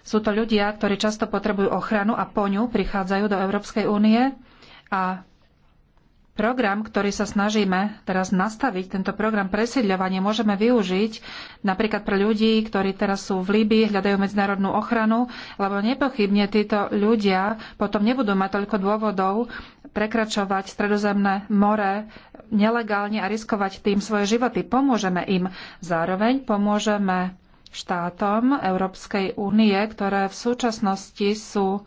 S4: Sú to ľudia, ktorí často potrebujú ochranu a po ňu prichádzajú do Európskej únie a program, ktorý sa snažíme teraz nastaviť, tento program presiedľovania, môžeme využiť napríklad pre ľudí, ktorí teraz sú v Líbii, hľadajú medzinárodnú ochranu, lebo nepochybne títo ľudia potom nebudú mať toľko dôvodov prekračovať stredozemné more nelegálne a riskovať tým svoje životy. Pomôžeme im. Zároveň pomôžeme štátom Európskej únie, ktoré v súčasnosti sú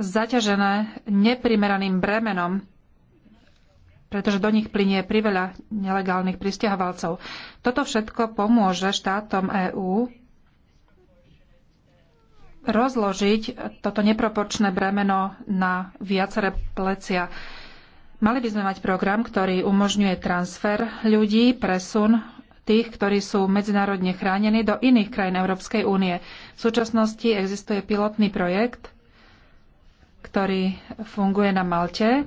S4: zaťažené neprimeraným bremenom pretože do nich plinie priveľa nelegálnych pristahovalcov. Toto všetko pomôže štátom EÚ rozložiť toto neproporčné bremeno na viaceré plecia. Mali by sme mať program, ktorý umožňuje transfer ľudí, presun tých, ktorí sú medzinárodne chránení do iných krajín Európskej únie. V súčasnosti existuje pilotný projekt, ktorý funguje na Malte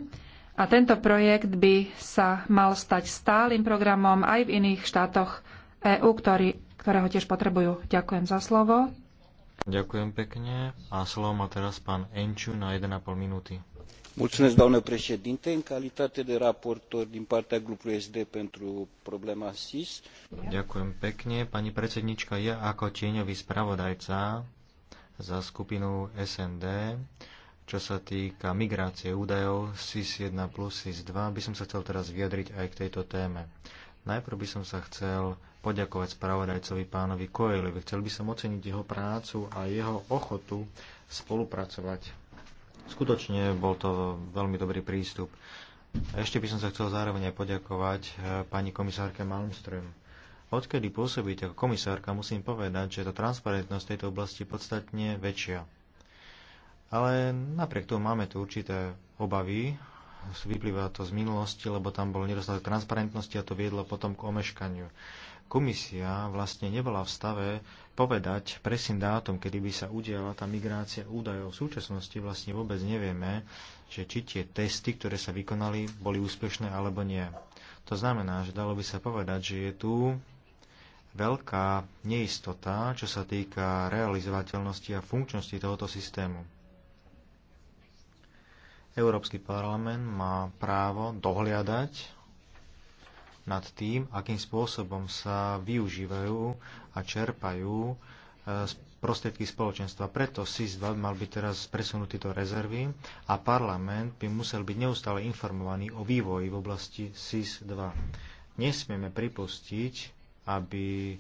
S4: a tento projekt by sa mal stať stálym programom aj v iných štátoch EÚ, ktoré ho tiež potrebujú. Ďakujem za slovo.
S3: Ďakujem pekne. A slovo má teraz pán Enču na 1,5 minúty. Mulțumesc, doamnă președinte. În calitate de raportor din partea grupului SD pentru problema SIS. Ďakujem pekne. Pani predsednička, ja ako tieňový spravodajca za skupinu SND čo sa týka migrácie údajov SIS 1 plus SIS 2, by som sa chcel teraz vyjadriť aj k tejto téme. Najprv by som sa chcel poďakovať spravodajcovi pánovi Koelovi. Chcel by som oceniť jeho prácu a jeho ochotu spolupracovať. Skutočne bol to veľmi dobrý prístup. A ešte by som sa chcel zároveň aj poďakovať eh, pani komisárke Malmström. Odkedy pôsobíte ako komisárka, musím povedať, že tá transparentnosť tejto oblasti je podstatne väčšia ale napriek tomu máme tu určité obavy, vyplýva to z minulosti, lebo tam bol nedostatok transparentnosti a to viedlo potom k omeškaniu. Komisia vlastne nebola v stave povedať presným dátum, kedy by sa udiala tá migrácia údajov. V súčasnosti vlastne vôbec nevieme, že či tie testy, ktoré sa vykonali, boli úspešné alebo nie. To znamená, že dalo by sa povedať, že je tu veľká neistota, čo sa týka realizovateľnosti a funkčnosti tohoto systému. Európsky parlament má právo dohliadať nad tým, akým spôsobom sa využívajú a čerpajú e, prostriedky spoločenstva. Preto SIS-2 mal byť teraz presunutý do rezervy a parlament by musel byť neustále informovaný o vývoji v oblasti SIS-2. Nesmieme pripustiť, aby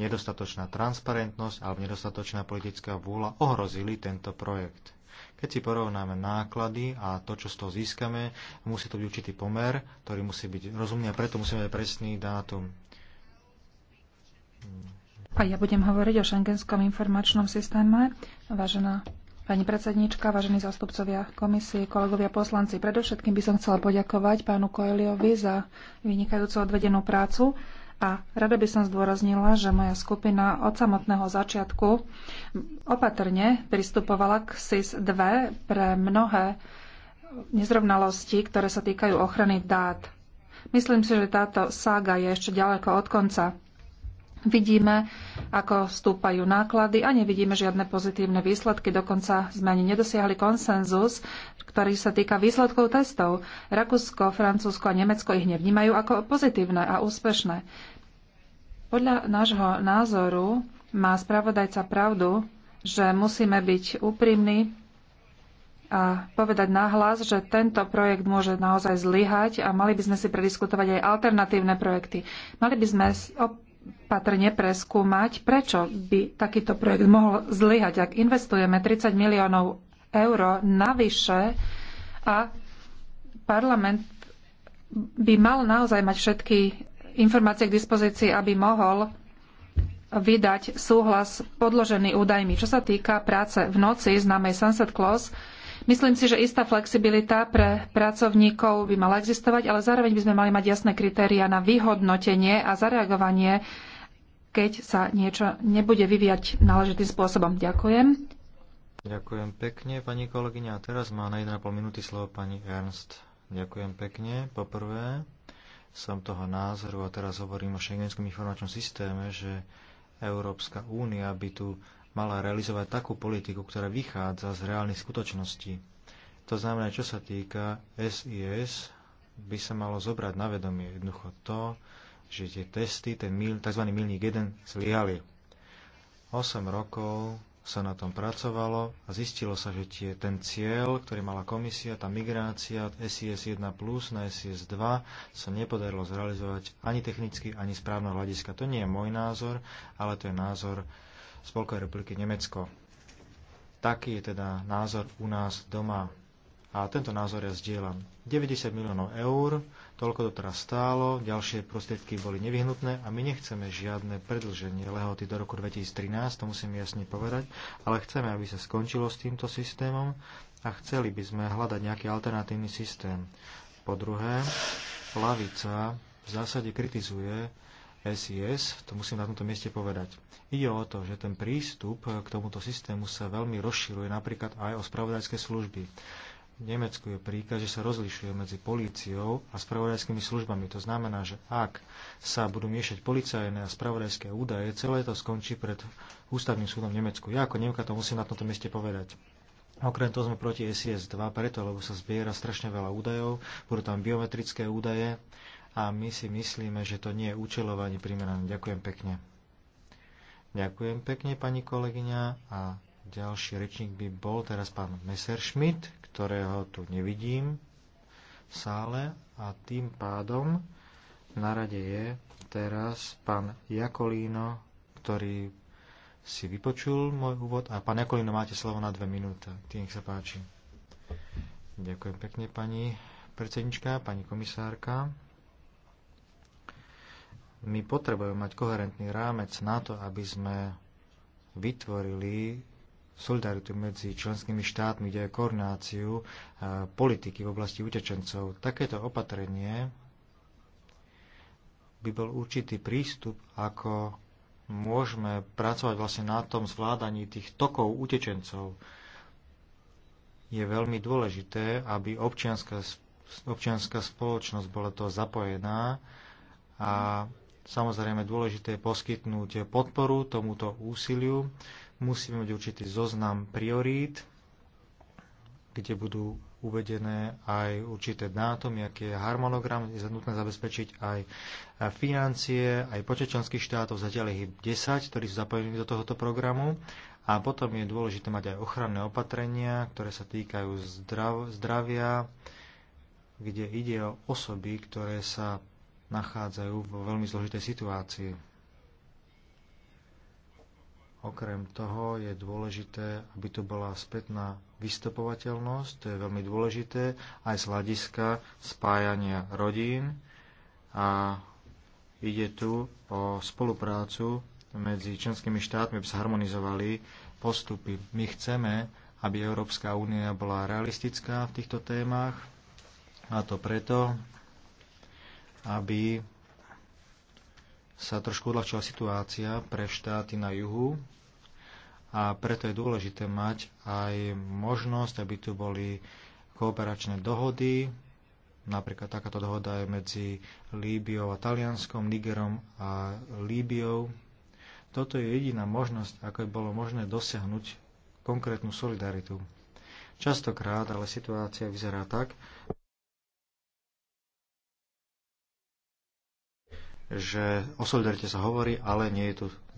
S3: nedostatočná transparentnosť alebo nedostatočná politická vôľa ohrozili tento projekt. Keď si porovnáme náklady a to, čo z toho získame, musí to byť určitý pomer, ktorý musí byť rozumný a preto musíme mať presný dátum.
S4: A ja budem hovoriť o šengenskom informačnom systéme. Vážená Pani predsednička, vážení zástupcovia komisie, kolegovia poslanci, predovšetkým by som chcela poďakovať pánu Koeliovi za vynikajúco odvedenú prácu. A rada by som zdôraznila, že moja skupina od samotného začiatku opatrne pristupovala k SIS-2 pre mnohé nezrovnalosti, ktoré sa týkajú ochrany dát. Myslím si, že táto sága je ešte ďaleko od konca. Vidíme, ako stúpajú náklady a nevidíme žiadne pozitívne výsledky. Dokonca sme ani nedosiahli konsenzus, ktorý sa týka výsledkov testov. Rakúsko, Francúzsko a Nemecko ich nevnímajú ako pozitívne a úspešné. Podľa nášho názoru má spravodajca pravdu, že musíme byť úprimní a povedať nahlas, že tento projekt môže naozaj zlyhať a mali by sme si prediskutovať aj alternatívne projekty. Mali by sme patrne preskúmať, prečo by takýto projekt mohol zlyhať, ak investujeme 30 miliónov eur navyše a parlament by mal naozaj mať všetky informácie k dispozícii, aby mohol vydať súhlas podložený údajmi. Čo sa týka práce v noci známej Sunset Clause, Myslím si, že istá flexibilita pre pracovníkov by mala existovať, ale zároveň by sme mali mať jasné kritéria na vyhodnotenie a zareagovanie, keď sa niečo nebude vyvíjať náležitým spôsobom. Ďakujem.
S3: Ďakujem pekne, pani kolegyňa. A teraz má na 1,5 minúty slovo pani Ernst. Ďakujem pekne. Poprvé som toho názoru a teraz hovorím o šengenskom informačnom systéme, že Európska únia by tu mala realizovať takú politiku, ktorá vychádza z reálnych skutočností. To znamená, čo sa týka SIS, by sa malo zobrať na vedomie jednoducho to, že tie testy, ten mil, tzv. milník 1, zlyhali. 8 rokov sa na tom pracovalo a zistilo sa, že tie, ten cieľ, ktorý mala komisia, tá migrácia od SIS 1 plus na SIS 2 sa nepodarilo zrealizovať ani technicky, ani správno hľadiska. To nie je môj názor, ale to je názor Spolkovej republiky Nemecko. Taký je teda názor u nás doma. A tento názor ja zdieľam. 90 miliónov eur, toľko to teraz stálo, ďalšie prostriedky boli nevyhnutné a my nechceme žiadne predlženie lehoty do roku 2013, to musím jasne povedať, ale chceme, aby sa skončilo s týmto systémom a chceli by sme hľadať nejaký alternatívny systém. Po druhé, lavica v zásade kritizuje SIS, to musím na tomto mieste povedať. Ide o to, že ten prístup k tomuto systému sa veľmi rozširuje napríklad aj o spravodajské služby. V Nemecku je príkaz, že sa rozlišuje medzi políciou a spravodajskými službami. To znamená, že ak sa budú miešať policajné a spravodajské údaje, celé to skončí pred ústavným súdom v Nemecku. Ja ako Nemka to musím na tomto mieste povedať. Okrem toho sme proti SIS-2 preto, lebo sa zbiera strašne veľa údajov, budú tam biometrické údaje, a my si myslíme, že to nie je účelové ani primerané. Ďakujem pekne. Ďakujem pekne, pani kolegyňa. A ďalší rečník by bol teraz pán Messerschmidt, ktorého tu nevidím v sále. A tým pádom na rade je teraz pán Jakolíno, ktorý si vypočul môj úvod. A pán Jakolíno, máte slovo na dve minúty. Tým sa páči. Ďakujem pekne, pani predsednička, pani komisárka. My potrebujeme mať koherentný rámec na to, aby sme vytvorili solidaritu medzi členskými štátmi, kde je koordináciu politiky v oblasti utečencov. Takéto opatrenie by bol určitý prístup, ako môžeme pracovať vlastne na tom zvládaní tých tokov utečencov. Je veľmi dôležité, aby občianská, občianská spoločnosť bola to zapojená a Samozrejme, dôležité je poskytnúť podporu tomuto úsiliu. Musíme mať určitý zoznam priorít, kde budú uvedené aj určité dátumy, aký je harmonogram, je nutné zabezpečiť aj financie, aj počet členských štátov, zatiaľ ich 10, ktorí sú zapojení do tohoto programu. A potom je dôležité mať aj ochranné opatrenia, ktoré sa týkajú zdrav, zdravia, kde ide o osoby, ktoré sa nachádzajú vo veľmi zložitej situácii. Okrem toho je dôležité, aby tu bola spätná vystupovateľnosť, to je veľmi dôležité, aj z hľadiska spájania rodín a ide tu o spoluprácu medzi členskými štátmi, aby sa harmonizovali postupy. My chceme, aby Európska únia bola realistická v týchto témach a to preto, aby sa trošku odľahčila situácia pre štáty na juhu a preto je dôležité mať aj možnosť, aby tu boli kooperačné dohody, napríklad takáto dohoda je medzi Líbiou a Talianskom, Nigerom a Líbiou. Toto je jediná možnosť, ako by bolo možné dosiahnuť konkrétnu solidaritu. Častokrát ale situácia vyzerá tak, že o solidarite sa hovorí, ale nie je tu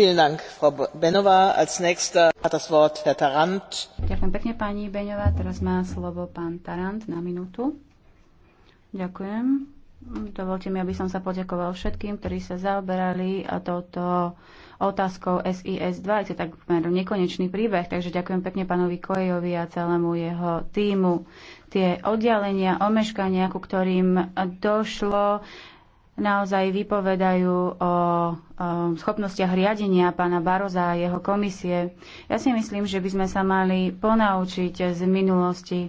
S5: Ďakujem pekne, pani
S1: Beňová. Teraz má slovo pán Tarant na minútu. Ďakujem. Dovolte mi, aby som sa poďakoval všetkým, ktorí sa zaoberali touto otázkou SIS-2. Je to takmer nekonečný príbeh, takže ďakujem pekne pánovi Kojejovi a celému jeho týmu. Tie oddialenia, omeškania, ku ktorým došlo, naozaj vypovedajú o, schopnostiach riadenia pána Baroza a jeho komisie. Ja si myslím, že by sme sa mali ponaučiť z minulosti.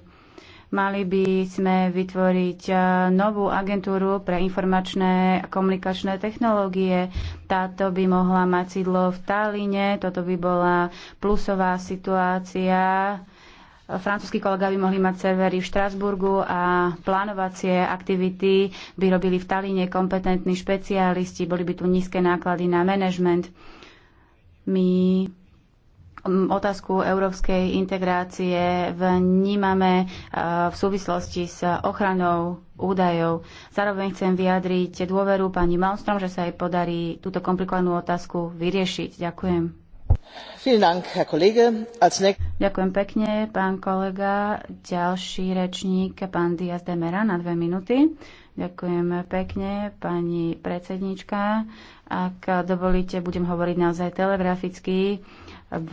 S1: Mali by sme vytvoriť e, novú agentúru pre informačné a komunikačné technológie. Táto by mohla mať sídlo v Talíne, Toto by bola plusová situácia francúzskí kolega by mohli mať severy v Štrasburgu a plánovacie aktivity by robili v Talíne kompetentní špecialisti, boli by tu nízke náklady na manažment. My otázku európskej integrácie vnímame e, v súvislosti s ochranou údajov. Zároveň chcem vyjadriť dôveru pani Malmström, že sa jej podarí túto komplikovanú otázku vyriešiť. Ďakujem. Ďakujem pekne, pán kolega. Ďalší rečník, pán Diaz de Mera na dve minúty. Ďakujem pekne, pani predsednička. Ak dovolíte, budem hovoriť naozaj telegraficky,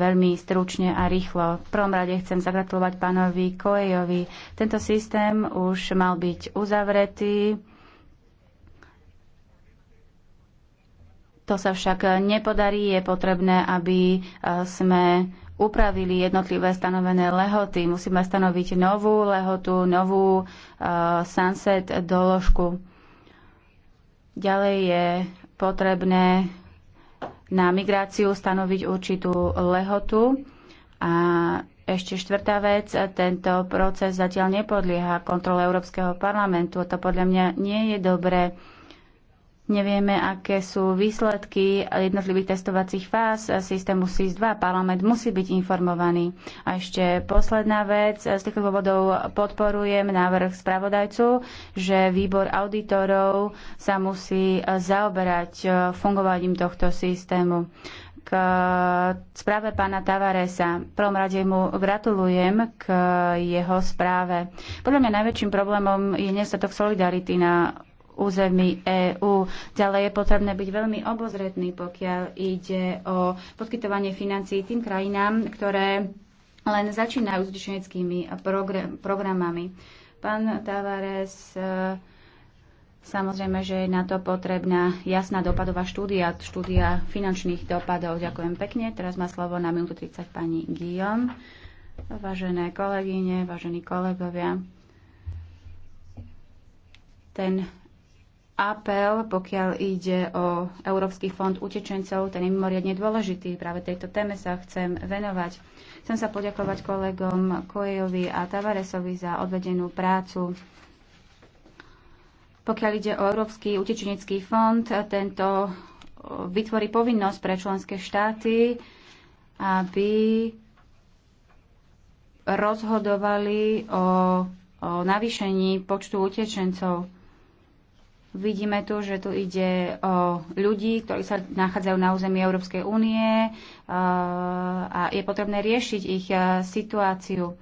S1: veľmi stručne a rýchlo. V prvom rade chcem zagratulovať pánovi Koejovi. Tento systém už mal byť uzavretý To sa však nepodarí. Je potrebné, aby e, sme upravili jednotlivé stanovené lehoty. Musíme stanoviť novú lehotu, novú e, sunset doložku. Ďalej je potrebné na migráciu stanoviť určitú lehotu. A ešte štvrtá vec, tento proces zatiaľ nepodlieha kontrole Európskeho parlamentu. To podľa mňa nie je dobré. Nevieme, aké sú výsledky jednotlivých testovacích fáz systému SIS-2. Parlament musí byť informovaný. A ešte posledná vec. Z týchto dôvodov podporujem návrh spravodajcu, že výbor auditorov sa musí zaoberať e, fungovaním tohto systému k e, správe pána Tavaresa. V prvom rade mu gratulujem k jeho správe. Podľa mňa najväčším problémom je nedostatok solidarity na území EÚ. Ďalej je potrebné byť veľmi obozretný, pokiaľ ide o poskytovanie financií tým krajinám, ktoré len začínajú s členskými programami. Pán Tavares, e, Samozrejme, že je na to potrebná jasná dopadová štúdia, štúdia finančných dopadov. Ďakujem pekne. Teraz má slovo na minútu 30 pani Guillaume. Vážené kolegyne, vážení kolegovia, ten apel, pokiaľ ide o Európsky fond utečencov, ten je mimoriadne dôležitý. Práve tejto téme sa chcem venovať. Chcem sa poďakovať kolegom Kojejovi a Tavaresovi za odvedenú prácu. Pokiaľ ide o Európsky utečenecký fond, tento vytvorí povinnosť pre členské štáty, aby rozhodovali o, o navýšení počtu utečencov Vidíme tu, že tu ide o ľudí, ktorí sa nachádzajú na území Európskej únie a je potrebné riešiť ich situáciu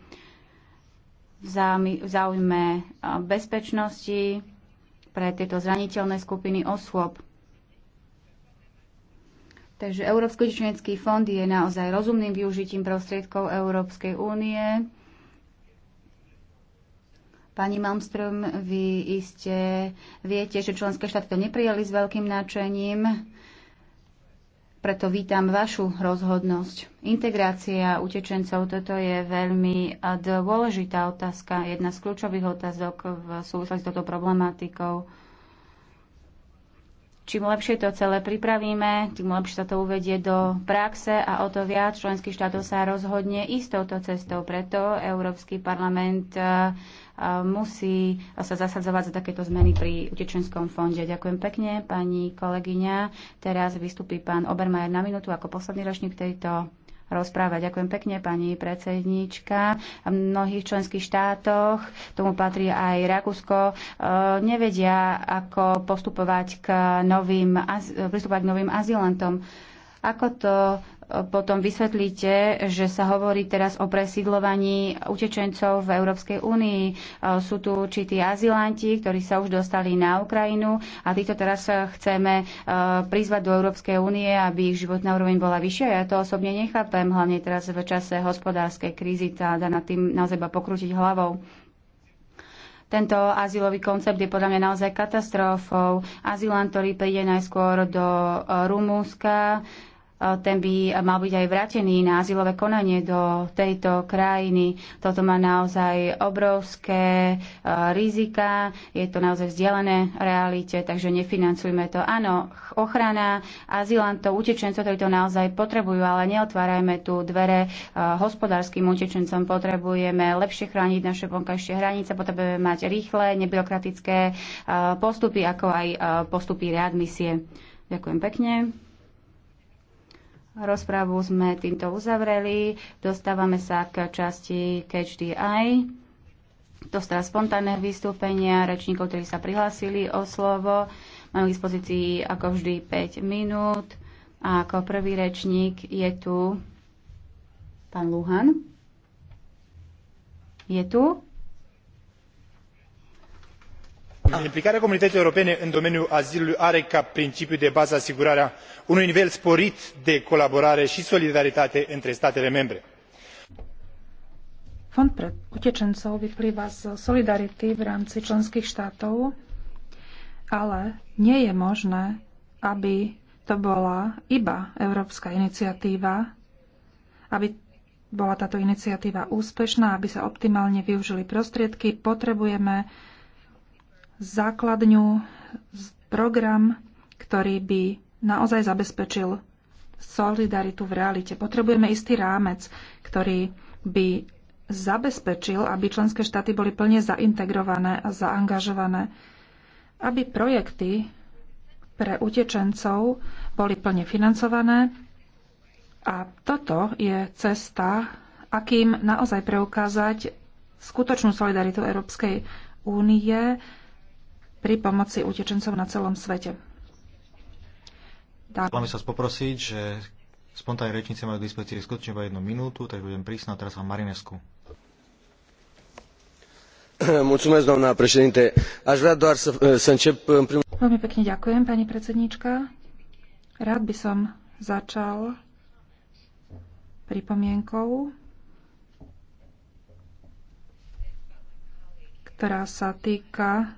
S1: v záujme bezpečnosti pre tieto zraniteľné skupiny osôb. Takže Európsky utečenecký fond je naozaj rozumným využitím prostriedkov Európskej únie Pani Malmström, vy iste viete, že členské štáty to neprijali s veľkým nadšením, preto vítam vašu rozhodnosť. Integrácia utečencov, toto je veľmi dôležitá otázka, jedna z kľúčových otázok v súvislosti s touto problematikou. Čím lepšie to celé pripravíme, tým lepšie sa to uvedie do praxe a o to viac členských štátov sa rozhodne ísť touto cestou. Preto Európsky parlament musí sa zasadzovať za takéto zmeny pri utečenskom fonde. Ďakujem pekne, pani kolegyňa. Teraz vystupí pán Obermajer na minútu ako posledný ročník tejto rozpráva. Ďakujem pekne, pani predsednička. V mnohých členských štátoch, tomu patrí aj Rakúsko, e, nevedia, ako postupovať k novým, pristupovať k novým azylantom. Ako to potom vysvetlíte, že sa hovorí teraz o presídlovaní utečencov v Európskej únii. E, sú tu určití azilanti, ktorí sa už dostali na Ukrajinu a týchto teraz chceme e, prizvať do Európskej únie, aby ich životná úroveň bola vyššia. Ja to osobne nechápem, hlavne teraz v čase hospodárskej krízy, tá dá na tým naozaj pokrútiť hlavou. Tento azylový koncept je podľa mňa naozaj katastrofou. Azylant, ktorý príde najskôr do e, Rumúnska, ten by mal byť aj vrátený na azylové konanie do tejto krajiny. Toto má naozaj obrovské rizika, je to naozaj vzdialené realite, takže nefinancujme to. Áno, ochrana azylantov, utečencov, ktorí to naozaj potrebujú, ale neotvárajme tu dvere hospodárskym utečencom. Potrebujeme lepšie chrániť naše vonkajšie hranice, potrebujeme mať rýchle, nebyrokratické postupy, ako aj postupy readmisie. Ďakujem pekne. Rozprávu sme týmto uzavreli. Dostávame sa k časti KHDI. To sú spontánne vystúpenia rečníkov, ktorí sa prihlásili o slovo. Máme k dispozícii ako vždy 5 minút. A ako prvý rečník je tu pán Luhan. Je tu?
S3: implicarea comunității europene în domeniul azilului are ca principiu de bază asigurarea unui nivel sporit de colaborare și solidaritate între statele membre.
S4: Fond pre utečencov vyplýva z solidarity v rámci členských štátov, ale nie je možné, aby to bola iba európska iniciatíva, aby bola táto iniciatíva úspešná, aby sa optimálne využili prostriedky, potrebujeme základňu, program, ktorý by naozaj zabezpečil solidaritu v realite. Potrebujeme istý rámec, ktorý by zabezpečil, aby členské štáty boli plne zaintegrované a zaangažované, aby projekty pre utečencov boli plne financované. A toto je cesta, akým naozaj preukázať skutočnú solidaritu Európskej únie pri pomoci utečencov na celom svete.
S3: Tak. Chcem sa poprosiť, že spontánne rečnice majú k dispozícii skutočne iba jednu minútu, tak budem prísna teraz vám Marinesku.
S5: Mulțumesc, doamna președinte. Aș vrea doar să, eh, să încep în
S3: primul...
S4: Veľmi pekne ďakujem, pani predsednička. Rád by som začal pripomienkou, ktorá sa týka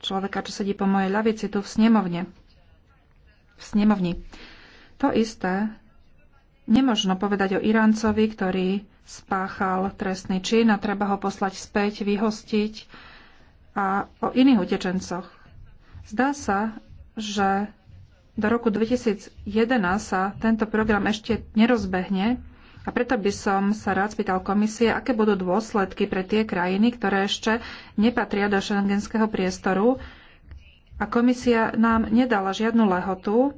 S4: človeka, čo sedí po mojej ľavici tu v snemovne. V snemovni. To isté nemožno povedať o Iráncovi, ktorý spáchal trestný čin a treba ho poslať späť, vyhostiť a o iných utečencoch. Zdá sa, že do roku 2011 sa tento program ešte nerozbehne a preto by som sa rád spýtal komisie, aké budú dôsledky pre tie krajiny, ktoré ešte nepatria do šengenského priestoru. A komisia nám nedala žiadnu lehotu,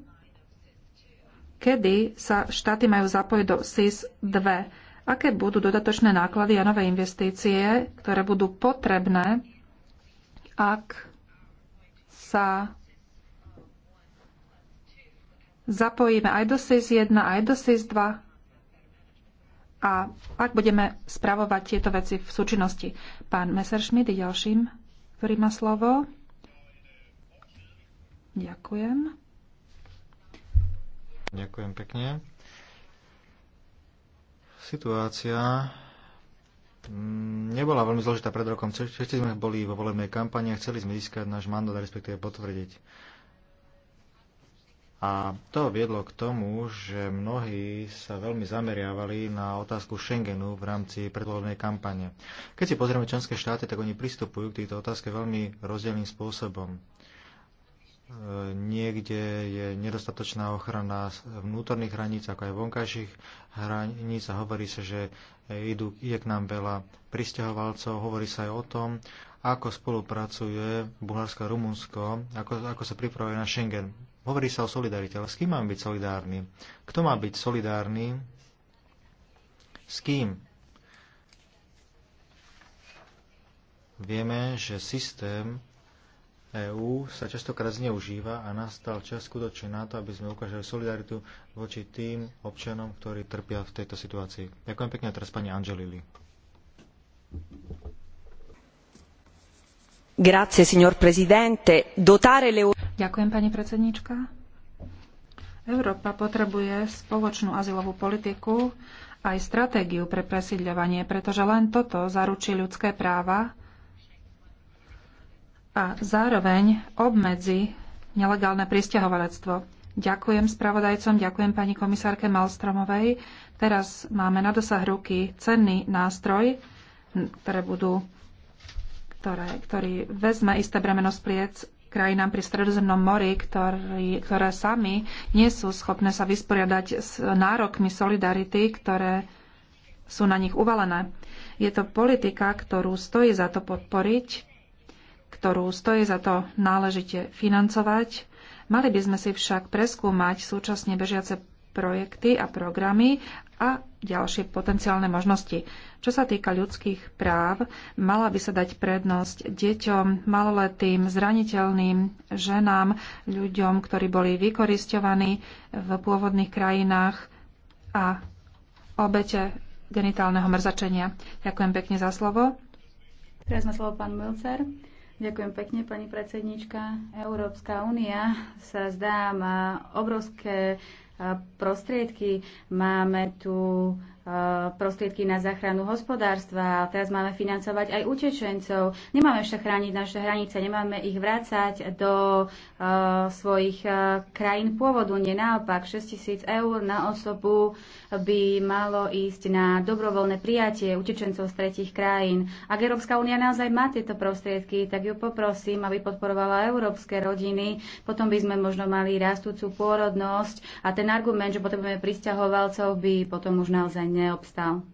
S4: kedy sa štáty majú zapojiť do SIS 2. Aké budú dodatočné náklady a nové investície, ktoré budú potrebné, ak sa zapojíme aj do SIS 1, aj do SIS 2? a ak budeme spravovať tieto veci v súčinnosti. Pán Messerschmidt je ďalším, ktorý má slovo. Ďakujem.
S3: Ďakujem pekne. Situácia mm, nebola veľmi zložitá pred rokom. Všetci sme boli vo volebnej kampani a chceli sme získať náš mandát, respektíve potvrdiť. A to viedlo k tomu, že mnohí sa veľmi zameriavali na otázku Schengenu v rámci predvoľnej kampane. Keď si pozrieme členské štáty, tak oni pristupujú k tejto otázke veľmi rozdielným spôsobom. E, niekde je nedostatočná ochrana vnútorných hraníc, ako aj vonkajších hraníc a hovorí sa, že idú, je k nám veľa pristahovalcov, hovorí sa aj o tom, ako spolupracuje Bulharsko a Rumunsko, ako, ako sa pripravuje na Schengen. Hovorí sa o solidarite, ale s kým máme byť solidárni? Kto má byť solidárny? S kým? Vieme, že systém EÚ sa častokrát zneužíva a nastal čas skutočne na to, aby sme ukázali solidaritu voči tým občanom, ktorí trpia v tejto situácii. Ďakujem pekne teraz pani Angelili.
S4: Grazie, signor Presidente. Dotare le... Ďakujem, pani predsednička. Európa potrebuje spoločnú azylovú politiku aj stratégiu pre presídľovanie, pretože len toto zaručí ľudské práva a zároveň obmedzi nelegálne pristahovalectvo. Ďakujem spravodajcom, ďakujem pani komisárke Malstromovej. Teraz máme na dosah ruky cenný nástroj, ktoré budú, ktoré, ktorý vezme isté bremeno z pliec krajinám pri Stredozemnom mori, ktorý, ktoré sami nie sú schopné sa vysporiadať s nárokmi solidarity, ktoré sú na nich uvalené. Je to politika, ktorú stojí za to podporiť, ktorú stojí za to náležite financovať. Mali by sme si však preskúmať súčasne bežiace projekty a programy a ďalšie potenciálne možnosti. Čo sa týka ľudských práv, mala by sa dať prednosť deťom, maloletým, zraniteľným, ženám, ľuďom, ktorí boli vykoristovaní v pôvodných krajinách a obete genitálneho mrzačenia. Ďakujem pekne za slovo.
S1: Teraz má slovo pán Milcer. Ďakujem pekne, pani predsednička. Európska únia sa zdá má obrovské prostriedky. Máme tu Eh, prostriedky na záchranu hospodárstva, teraz máme financovať aj utečencov, nemáme však chrániť naše hranice, nemáme ich vrácať do uh, svojich uh, krajín pôvodu. Nie naopak, 6 tisíc eur na osobu by malo ísť na dobrovoľné prijatie utečencov z tretich krajín. Ak Európska únia naozaj má tieto prostriedky, tak ju poprosím, aby podporovala európske rodiny, potom by sme možno mali rastúcu pôrodnosť a ten argument, že potrebujeme pristahovalcov, by potom už naozaj neobstal.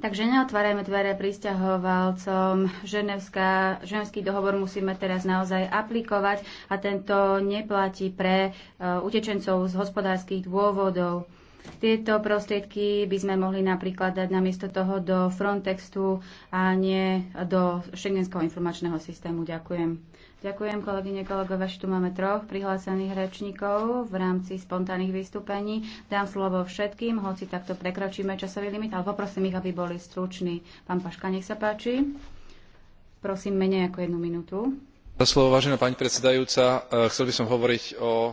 S1: Takže neotvárajme dvere pristahovalcom. Ženevská, ženevský dohovor musíme teraz naozaj aplikovať a tento neplatí pre e, utečencov z hospodárskych dôvodov. Tieto prostriedky by sme mohli napríklad dať namiesto toho do Frontextu a nie do Schengenského informačného systému. Ďakujem. Ďakujem, kolegyne, kolegové, že tu máme troch prihlásených rečníkov v rámci spontánnych vystúpení. Dám slovo všetkým, hoci takto prekročíme časový limit, ale poprosím ich, aby boli struční. Pán Paška, nech sa páči. Prosím, menej ako jednu minútu.
S2: Za slovo, vážená pani predsedajúca, eh, chcel by som hovoriť o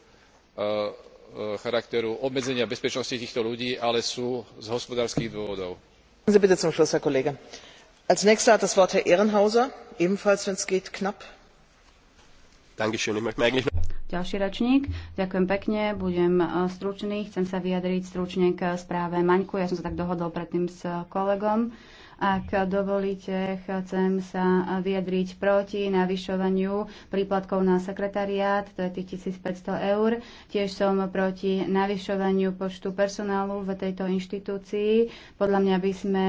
S2: E, e, charakteru obmedzenia bezpečnosti týchto ľudí ale sú z hospodárskych dôvodov.
S1: Ďalší rečník. Ďakujem pekne, budem e, stručný. Chcem sa vyjadriť stručne k správe Maňku. Ja som sa tak dohodol predtým s kolegom. Uh, ak dovolíte, chcem sa vyjadriť proti navyšovaniu príplatkov na sekretariát, to je tých 1500 eur. Tiež som proti navyšovaniu počtu personálu v tejto inštitúcii. Podľa mňa by sme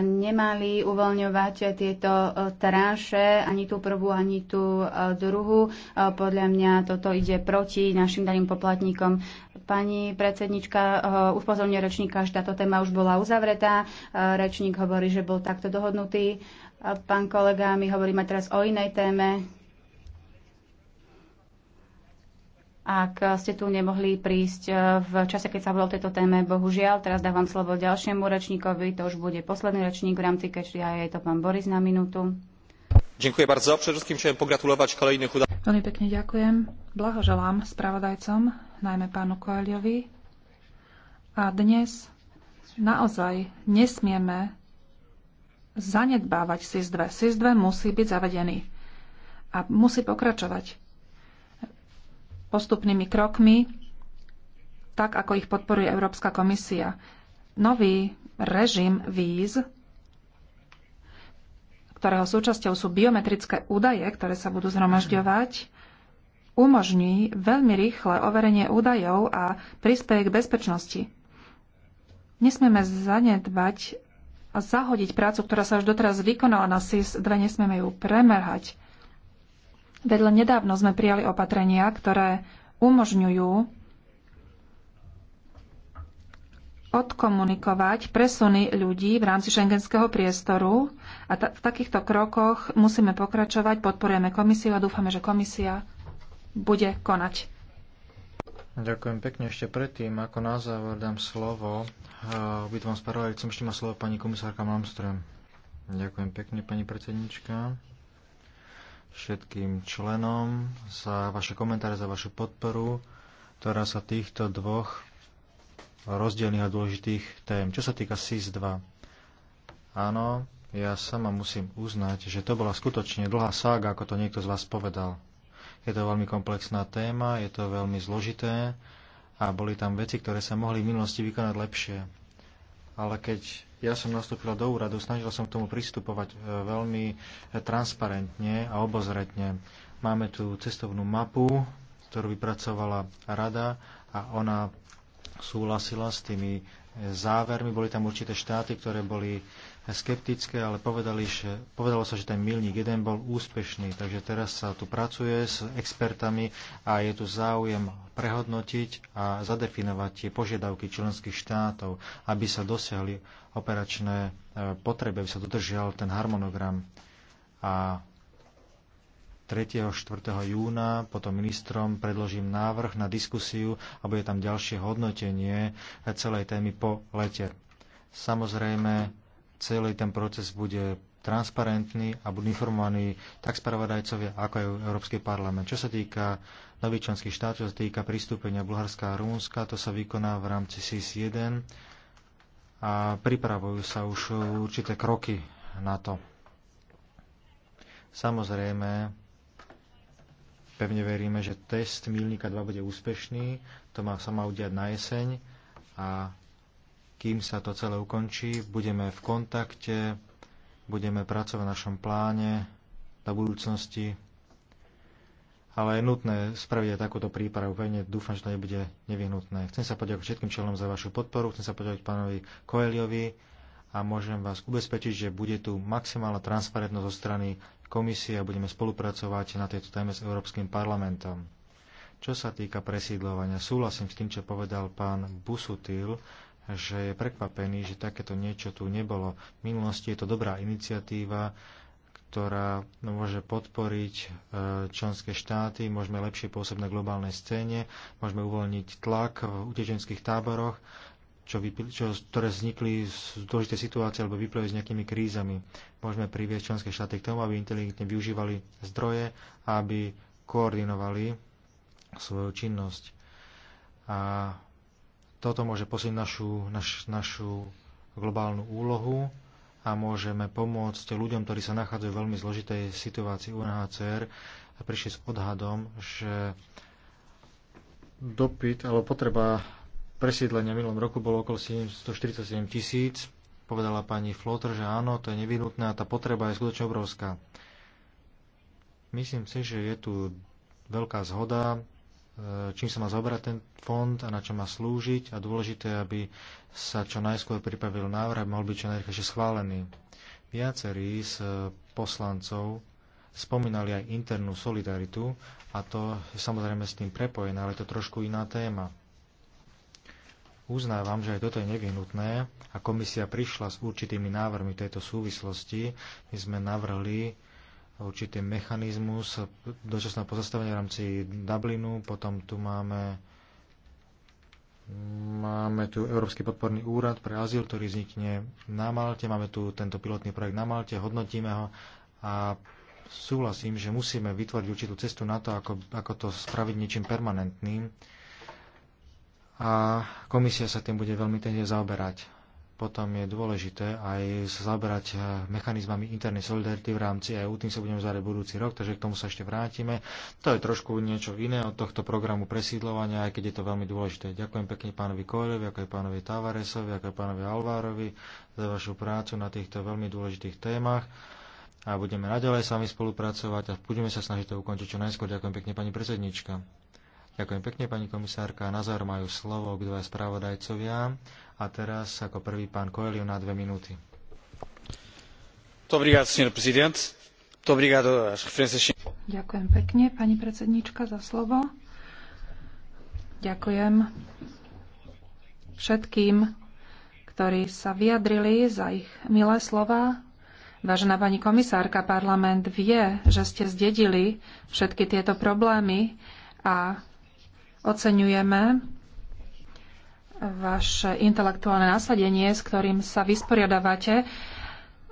S1: nemali uvoľňovať tieto e, tráše, ani tú prvú, ani tú e, druhú. E, podľa mňa toto ide proti našim daným poplatníkom. Pani predsednička upozorňuje rečníka, že táto téma už bola uzavretá. Rečník hovorí, že bol takto dohodnutý. Pán kolega mi hovoríme teraz o inej téme. ak ste tu nemohli prísť eh, v čase, keď sa bolo o tejto téme. Bohužiaľ, teraz dávam slovo ďalšiemu rečníkovi, to už bude posledný rečník v rámci Catchy a je to pán Boris na minútu.
S3: Ďakujem bardzo. Všetkým chcem pogratulovať kolejných chudá.
S4: Veľmi pekne ďakujem. Blahoželám spravodajcom, najmä pánu Koeliovi. A dnes naozaj nesmieme zanedbávať SIS-2. SIS-2 musí byť zavedený a musí pokračovať postupnými krokmi, tak ako ich podporuje Európska komisia. Nový režim víz, ktorého súčasťou sú biometrické údaje, ktoré sa budú zhromažďovať, umožní veľmi rýchle overenie údajov a prispieje k bezpečnosti. Nesmieme zanedbať a zahodiť prácu, ktorá sa už doteraz vykonala na SIS-2, nesmieme ju premerhať. Vedľa nedávno sme prijali opatrenia, ktoré umožňujú odkomunikovať presuny ľudí v rámci šengenského priestoru a ta- v takýchto krokoch musíme pokračovať, podporujeme komisiu a dúfame, že komisia bude konať.
S3: Ďakujem pekne. Ešte predtým, ako na záver dám slovo eh, obidvom spravodajcom, ešte má slovo pani komisárka Malmström. Ďakujem pekne, pani predsednička všetkým členom za vaše komentáre, za vašu podporu, ktorá sa týchto dvoch rozdielných a dôležitých tém. Čo sa týka SIS-2, áno, ja sama musím uznať, že to bola skutočne dlhá sága, ako to niekto z vás povedal. Je to veľmi komplexná téma, je to veľmi zložité a boli tam veci, ktoré sa mohli v minulosti vykonať lepšie. Ale keď ja som nastúpila do úradu, snažil som k tomu pristupovať e, veľmi e, transparentne a obozretne. Máme tu cestovnú mapu, ktorú vypracovala rada a ona súhlasila s tými e, závermi. Boli tam určité štáty, ktoré boli e, skeptické, ale povedali, že, povedalo sa, že ten milník jeden bol úspešný. Takže teraz sa tu pracuje s expertami a je tu záujem prehodnotiť a zadefinovať tie požiadavky členských štátov, aby sa dosiahli operačné e, potreby, aby sa dodržial ten harmonogram. A 3. a 4. júna potom ministrom predložím návrh na diskusiu a bude tam ďalšie hodnotenie celej témy po lete. Samozrejme, celý ten proces bude transparentný a budú informovaní tak spravodajcovia, ako aj Európsky parlament. Čo sa týka nových členských štátov, čo sa týka pristúpenia Bulharska a Rumunska, to sa vykoná v rámci SIS-1 a pripravujú sa už určité kroky na to. Samozrejme, Pevne veríme, že test Milníka 2 bude úspešný. To má, sa má udiať na jeseň a kým sa to celé ukončí, budeme v kontakte, budeme pracovať v našom pláne na budúcnosti. Ale je nutné spraviť aj takúto prípravu. Pevne dúfam, že to nebude nevyhnutné. Chcem sa poďakovať všetkým členom za vašu podporu, chcem sa poďakovať pánovi Koeliovi, a môžem vás ubezpečiť, že bude tu maximálna transparentnosť zo strany komisie a budeme spolupracovať na tejto téme s Európskym parlamentom. Čo sa týka presídľovania, súhlasím s tým, čo povedal pán Busutil, že je prekvapený, že takéto niečo tu nebolo. V minulosti je to dobrá iniciatíva, ktorá môže podporiť e, členské štáty, môžeme lepšie pôsobiť na globálnej scéne, môžeme uvoľniť tlak v utečenských táboroch čo, čo, ktoré vznikli z dôležitej situácie alebo vyplývajú s nejakými krízami. Môžeme priviesť členské štáty k tomu, aby inteligentne využívali zdroje a aby koordinovali svoju činnosť. A toto môže posilniť našu, naš, našu globálnu úlohu a môžeme pomôcť ľuďom, ktorí sa nachádzajú v veľmi zložitej situácii UNHCR, prišli s odhadom, že dopyt alebo potreba presídlenia minulom roku bolo okolo 147 tisíc. Povedala pani Flotter, že áno, to je nevyhnutné a tá potreba je skutočne obrovská. Myslím si, že je tu veľká zhoda, e, čím sa má zobrať ten fond a na čo má slúžiť a dôležité, aby sa čo najskôr pripravil návrh, mohol byť čo najrychlejšie schválený. Viacerí z e, poslancov spomínali aj internú solidaritu a to je samozrejme s tým prepojené, ale to je trošku iná téma. Uznávam, že aj toto je nevyhnutné a komisia prišla s určitými návrhmi tejto súvislosti. My sme navrhli určitý mechanizmus dočasného pozastavenia v rámci Dublinu, potom tu máme Máme tu Európsky podporný úrad pre azyl, ktorý vznikne na Malte. Máme tu tento pilotný projekt na Malte, hodnotíme ho a súhlasím, že musíme vytvoriť určitú cestu na to, ako, ako to spraviť niečím permanentným a komisia sa tým bude veľmi tenne zaoberať. Potom je dôležité aj sa zaoberať eh, mechanizmami internej solidarity v rámci EU, tým sa budeme zaoberať budúci rok, takže k tomu sa ešte vrátime. To je trošku niečo iné od tohto programu presídlovania, aj keď je to veľmi dôležité. Ďakujem pekne pánovi Koľovi, ako aj pánovi Tavaresovi, ako aj pánovi Alvárovi za vašu prácu na týchto veľmi dôležitých témach a budeme naďalej s vami spolupracovať a budeme sa snažiť to ukončiť čo najskôr. Ďakujem pekne pani predsednička. Ďakujem pekne, pani komisárka. Na záver majú slovo k spravodajcovia. A teraz ako prvý pán Koelio na dve minúty.
S4: Ďakujem pekne, pani predsednička, za slovo. Ďakujem všetkým, ktorí sa vyjadrili za ich milé slova. Vážená pani komisárka, parlament vie, že ste zdedili všetky tieto problémy a Oceňujeme vaše intelektuálne nasadenie, s ktorým sa vysporiadavate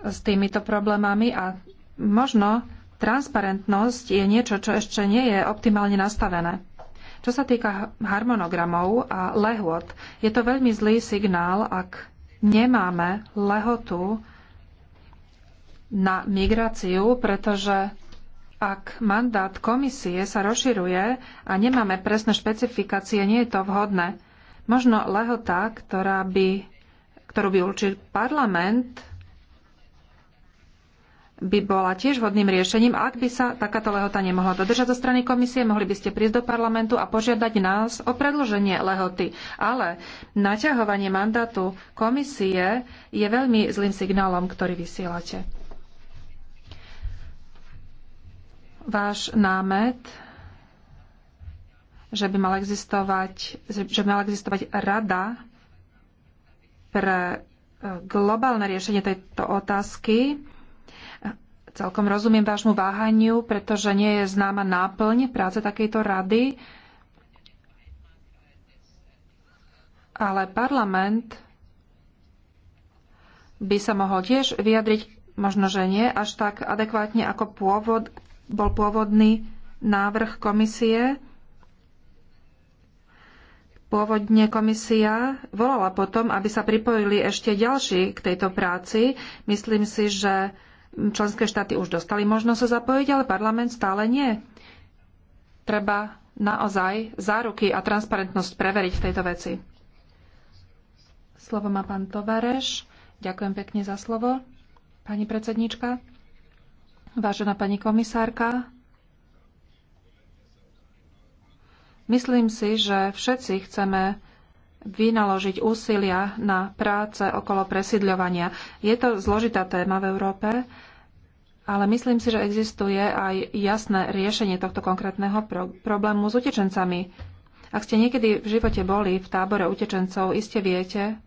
S4: s týmito problémami a možno transparentnosť je niečo, čo ešte nie je optimálne nastavené. Čo sa týka harmonogramov a lehôd, je to veľmi zlý signál, ak nemáme lehotu na migráciu, pretože ak mandát komisie sa rozširuje a nemáme presné špecifikácie, nie je to vhodné. Možno lehota, ktorá by, ktorú by určil parlament, by bola tiež vhodným riešením, ak by sa takáto lehota nemohla dodržať zo strany komisie, mohli by ste prísť do parlamentu a požiadať nás o predloženie lehoty. Ale naťahovanie mandátu komisie je veľmi zlým signálom, ktorý vysielate. váš námet, že by mala existovať, že by mala existovať rada pre e, globálne riešenie tejto otázky. Celkom rozumiem vášmu váhaniu, pretože nie je známa náplň práce takejto rady, ale parlament by sa mohol tiež vyjadriť, možno, že nie až tak adekvátne ako pôvod, bol pôvodný návrh komisie. Pôvodne komisia volala potom, aby sa pripojili ešte ďalší k tejto práci. Myslím si, že členské štáty už dostali možnosť sa zapojiť, ale parlament stále nie. Treba naozaj záruky a transparentnosť preveriť v tejto veci. Slovo má pán Tovareš. Ďakujem pekne za slovo, pani predsednička. Vážená pani komisárka, myslím si, že všetci chceme vynaložiť úsilia na práce okolo presidľovania. Je to zložitá téma v Európe, ale myslím si, že existuje aj jasné riešenie tohto konkrétneho pro- problému s utečencami. Ak ste niekedy v živote boli v tábore utečencov, iste viete,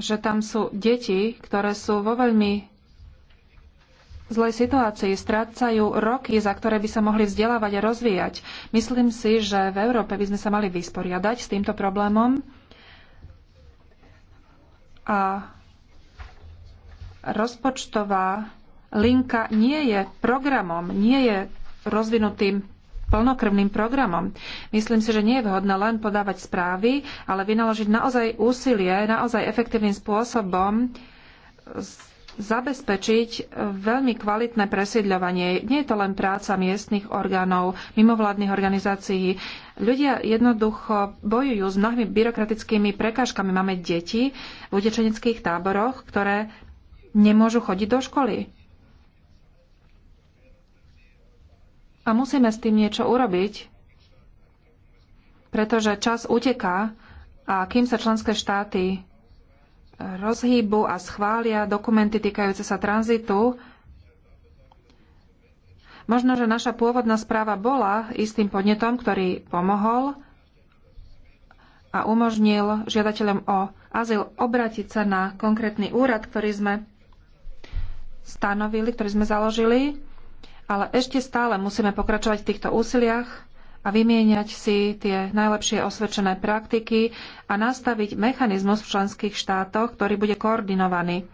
S4: že tam sú deti, ktoré sú vo veľmi zlej situácii, strácajú roky, za ktoré by sa mohli vzdelávať a rozvíjať. Myslím si, že v Európe by sme sa mali vysporiadať s týmto problémom a rozpočtová linka nie je programom, nie je rozvinutým plnokrvným programom. Myslím si, že nie je vhodné len podávať správy, ale vynaložiť naozaj úsilie, naozaj efektívnym spôsobom zabezpečiť veľmi kvalitné presiedľovanie. Nie je to len práca miestnych orgánov, mimovládnych organizácií. Ľudia jednoducho bojujú s mnohými byrokratickými prekážkami. Máme deti v utečeneckých táboroch, ktoré nemôžu chodiť do školy. A musíme s tým niečo urobiť, pretože čas uteká a kým sa členské štáty rozhýbu a schvália dokumenty týkajúce sa tranzitu, možno, že naša pôvodná správa bola istým podnetom, ktorý pomohol a umožnil žiadateľom o azyl obratiť sa na konkrétny úrad, ktorý sme stanovili, ktorý sme založili ale ešte stále musíme pokračovať v týchto úsiliach a vymieňať si tie najlepšie osvedčené praktiky a nastaviť mechanizmus v členských štátoch, ktorý bude koordinovaný,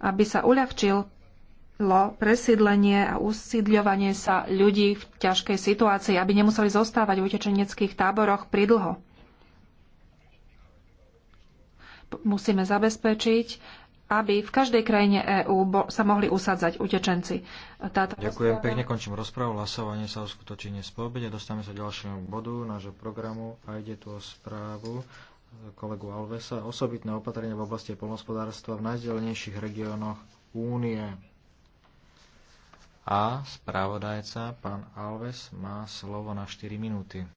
S4: aby sa uľahčilo presídlenie a usídľovanie sa ľudí v ťažkej situácii, aby nemuseli zostávať v utečeneckých táboroch pridlho. Musíme zabezpečiť, aby v každej krajine EÚ sa mohli usádzať utečenci. Táto
S3: Ďakujem rozpráva... pekne, končím rozprávu. Hlasovanie sa uskutoční dnes po obede. Dostávame sa ďalšiemu bodu nášho programu a ide tu o správu kolegu Alvesa. Osobitné opatrenia v oblasti polnospodárstva v najzdelenejších regiónoch Únie. A správodajca, pán Alves, má slovo na 4 minúty.